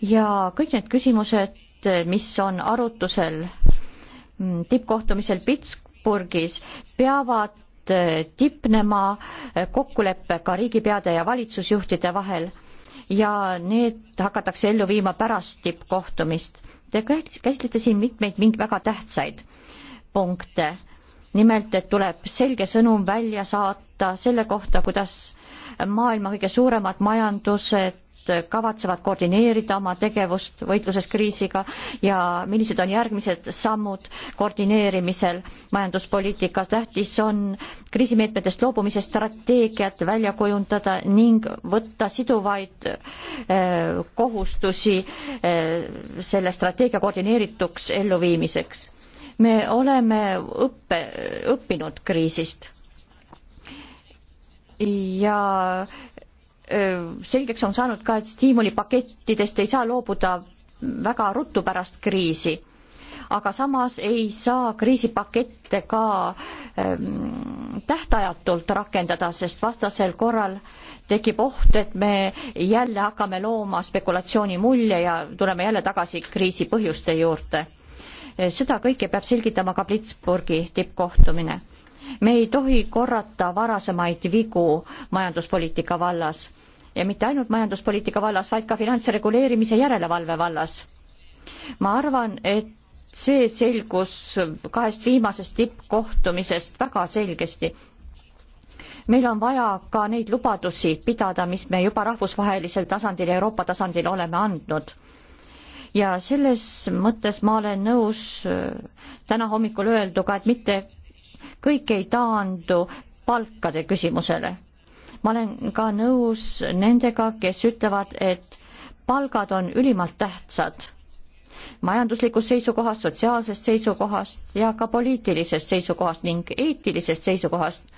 ja kõik need küsimused, mis on arutusel mm, tippkohtumisel Pittsburghis, peavad äh, tipnema äh, kokkuleppega riigipeade ja valitsusjuhtide vahel ja need hakatakse ellu viima pärast tippkohtumist. Te käsitlete siin mitmeid mingi väga tähtsaid punkte. nimelt, et tuleb selge sõnum välja saata selle kohta, kuidas maailma kõige suuremad majandused kavatsevad koordineerida oma tegevust võitluses kriisiga ja millised on järgmised sammud koordineerimisel majanduspoliitikas. tähtis on kriisimeetmetest loobumise strateegiat välja kujundada ning võtta siduvaid eh, kohustusi eh, selle strateegia koordineerituks elluviimiseks me oleme õppe, õppinud kriisist. ja selgeks on saanud ka, et stiimulipakettidest ei saa loobuda väga ruttu pärast kriisi. aga samas ei saa kriisipakette ka ähm, tähtajatult rakendada, sest vastasel korral tekib oht, et me jälle hakkame looma spekulatsiooni mulje ja tuleme jälle tagasi kriisi põhjuste juurde seda kõike peab selgitama ka Pittsburghi tippkohtumine. me ei tohi korrata varasemaid vigu majanduspoliitika vallas ja mitte ainult majanduspoliitika vallas, vaid ka finantsreguleerimise järelevalve vallas. ma arvan, et see selgus kahest viimasest tippkohtumisest väga selgesti. meil on vaja ka neid lubadusi pidada, mis me juba rahvusvahelisel tasandil ja Euroopa tasandil oleme andnud ja selles mõttes ma olen nõus äh, täna hommikul öelduga, et mitte kõik ei taandu palkade küsimusele. ma olen ka nõus nendega, kes ütlevad, et palgad on ülimalt tähtsad majanduslikust seisukohast, sotsiaalsest seisukohast ja ka poliitilisest seisukohast ning eetilisest seisukohast.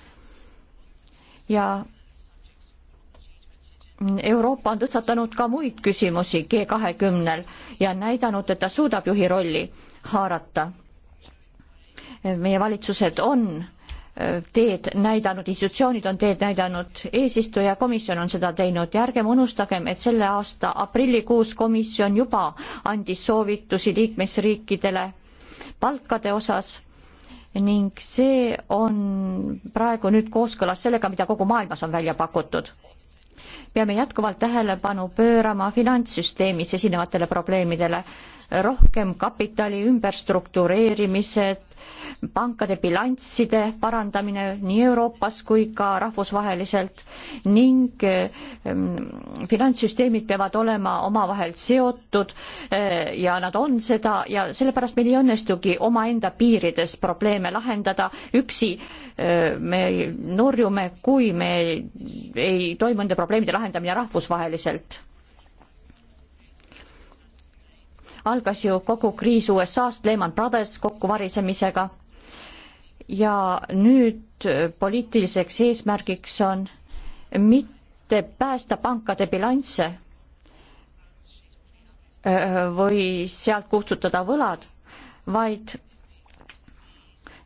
ja Euroopa on tõstatanud ka muid küsimusi G kahekümnel ja näidanud, et ta suudab juhi rolli haarata. meie valitsused on äh, teed näidanud, institutsioonid on teed näidanud, eesistuja komisjon on seda teinud ja ärgem unustagem, et selle aasta aprillikuus komisjon juba andis soovitusi liikmesriikidele palkade osas ning see on praegu nüüd kooskõlas sellega, mida kogu maailmas on välja pakutud peame jätkuvalt tähelepanu pöörama finantssüsteemis esinevatele probleemidele, rohkem kapitali ümberstruktureerimised, pankade bilansside parandamine nii Euroopas kui ka rahvusvaheliselt ning ehm, finantssüsteemid peavad olema omavahel seotud eh, ja nad on seda ja sellepärast meil ei õnnestugi omaenda piirides probleeme lahendada üksi eh, me nurjume, kui me ei toimu nende probleemide lahendamine rahvusvaheliselt algas ju kogu kriis USA-st Lehman Brothers kokkuvarisemisega ja nüüd poliitiliseks eesmärgiks on mitte päästa pankade bilansse või sealt kustutada võlad, vaid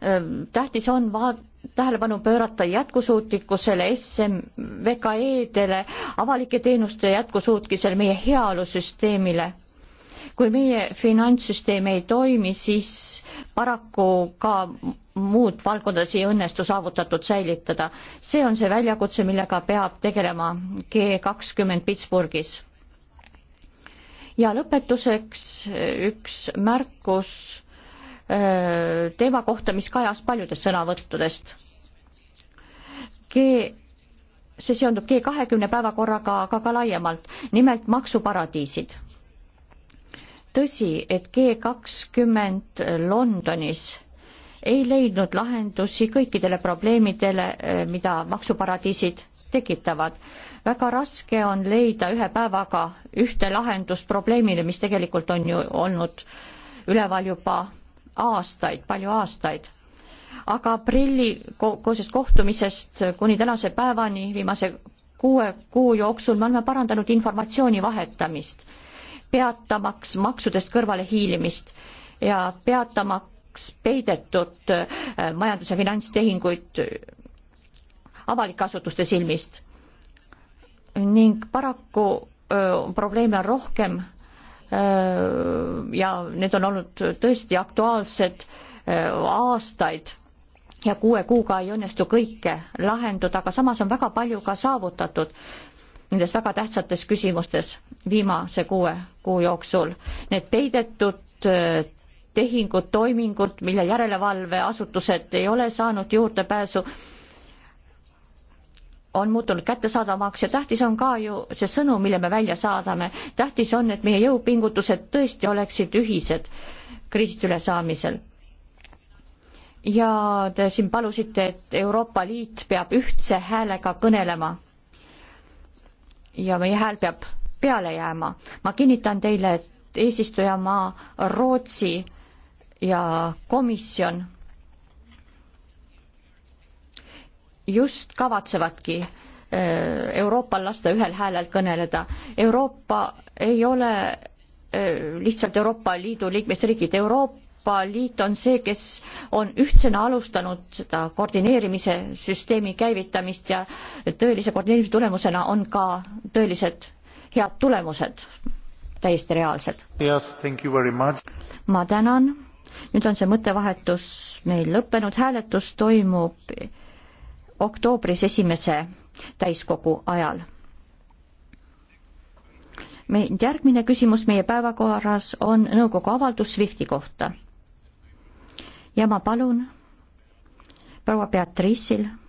ähm, tähtis on vaat-, tähelepanu pöörata jätkusuutlikkusele, SM, VKE-dele, avalike teenuste jätkusuutlikkusele, meie heaolusüsteemile kui meie finantssüsteem ei toimi, siis paraku ka muud valdkondades ei õnnestu saavutatud säilitada. see on see väljakutse, millega peab tegelema G kakskümmend Pittsburghis. ja lõpetuseks üks märkus äh, teema kohta, mis kajas paljudest sõnavõttudest. G see seondub G kahekümne päevakorraga, aga ka laiemalt, nimelt maksuparadiisid tõsi, et G kakskümmend Londonis ei leidnud lahendusi kõikidele probleemidele, eh, mida maksuparadiisid tekitavad. väga raske on leida ühe päevaga ühte lahendust probleemile, mis tegelikult on ju olnud üleval juba aastaid, palju aastaid. aga aprilli ko koosest kohtumisest kuni tänase päevani, viimase kuue kuu jooksul me oleme parandanud informatsiooni vahetamist peatamaks maksudest kõrvalehiilimist ja peatamaks peidetud äh, majandus- ja finantstehinguid avalike asutuste silmist. ning paraku öö, äh, probleeme on rohkem öö, äh, ja need on olnud tõesti aktuaalsed öö, aastaid ja kuue kuuga ei õnnestu kõike lahendada, aga samas on väga palju ka saavutatud nendes väga tähtsates küsimustes viimase kuue kuu jooksul. Need peidetud äh, tehingud, toimingud, mille järelevalveasutused ei ole saanud juurdepääsu, on muutunud kättesaadavamaks ja tähtis on ka ju see sõnum, mille me välja saadame. tähtis on, et meie jõupingutused tõesti oleksid ühised kriisist ülesaamisel. ja te siin palusite, et Euroopa Liit peab ühtse häälega kõnelema ja meie hääl peab peale jääma. ma kinnitan teile, et eesistujamaa Rootsi ja komisjon just kavatsevadki äh, Euroopal lasta ühel häälel kõneleda. Euroopa ei ole äh, lihtsalt Euroopa Liidu liikmesriigid, Euroopa Euroopa Liit on see, kes on ühtsena alustanud seda koordineerimise süsteemi käivitamist ja tõelise koordineerimise tulemusena on ka tõelised head tulemused täiesti reaalsed yes,. ma tänan. nüüd on see mõttevahetus meil lõppenud, hääletus toimub oktoobris esimese täiskogu ajal järgmine küsimus meie päevakorras on nõukogu avaldus SWIFTi kohta ja ma palun proua Beatrice'il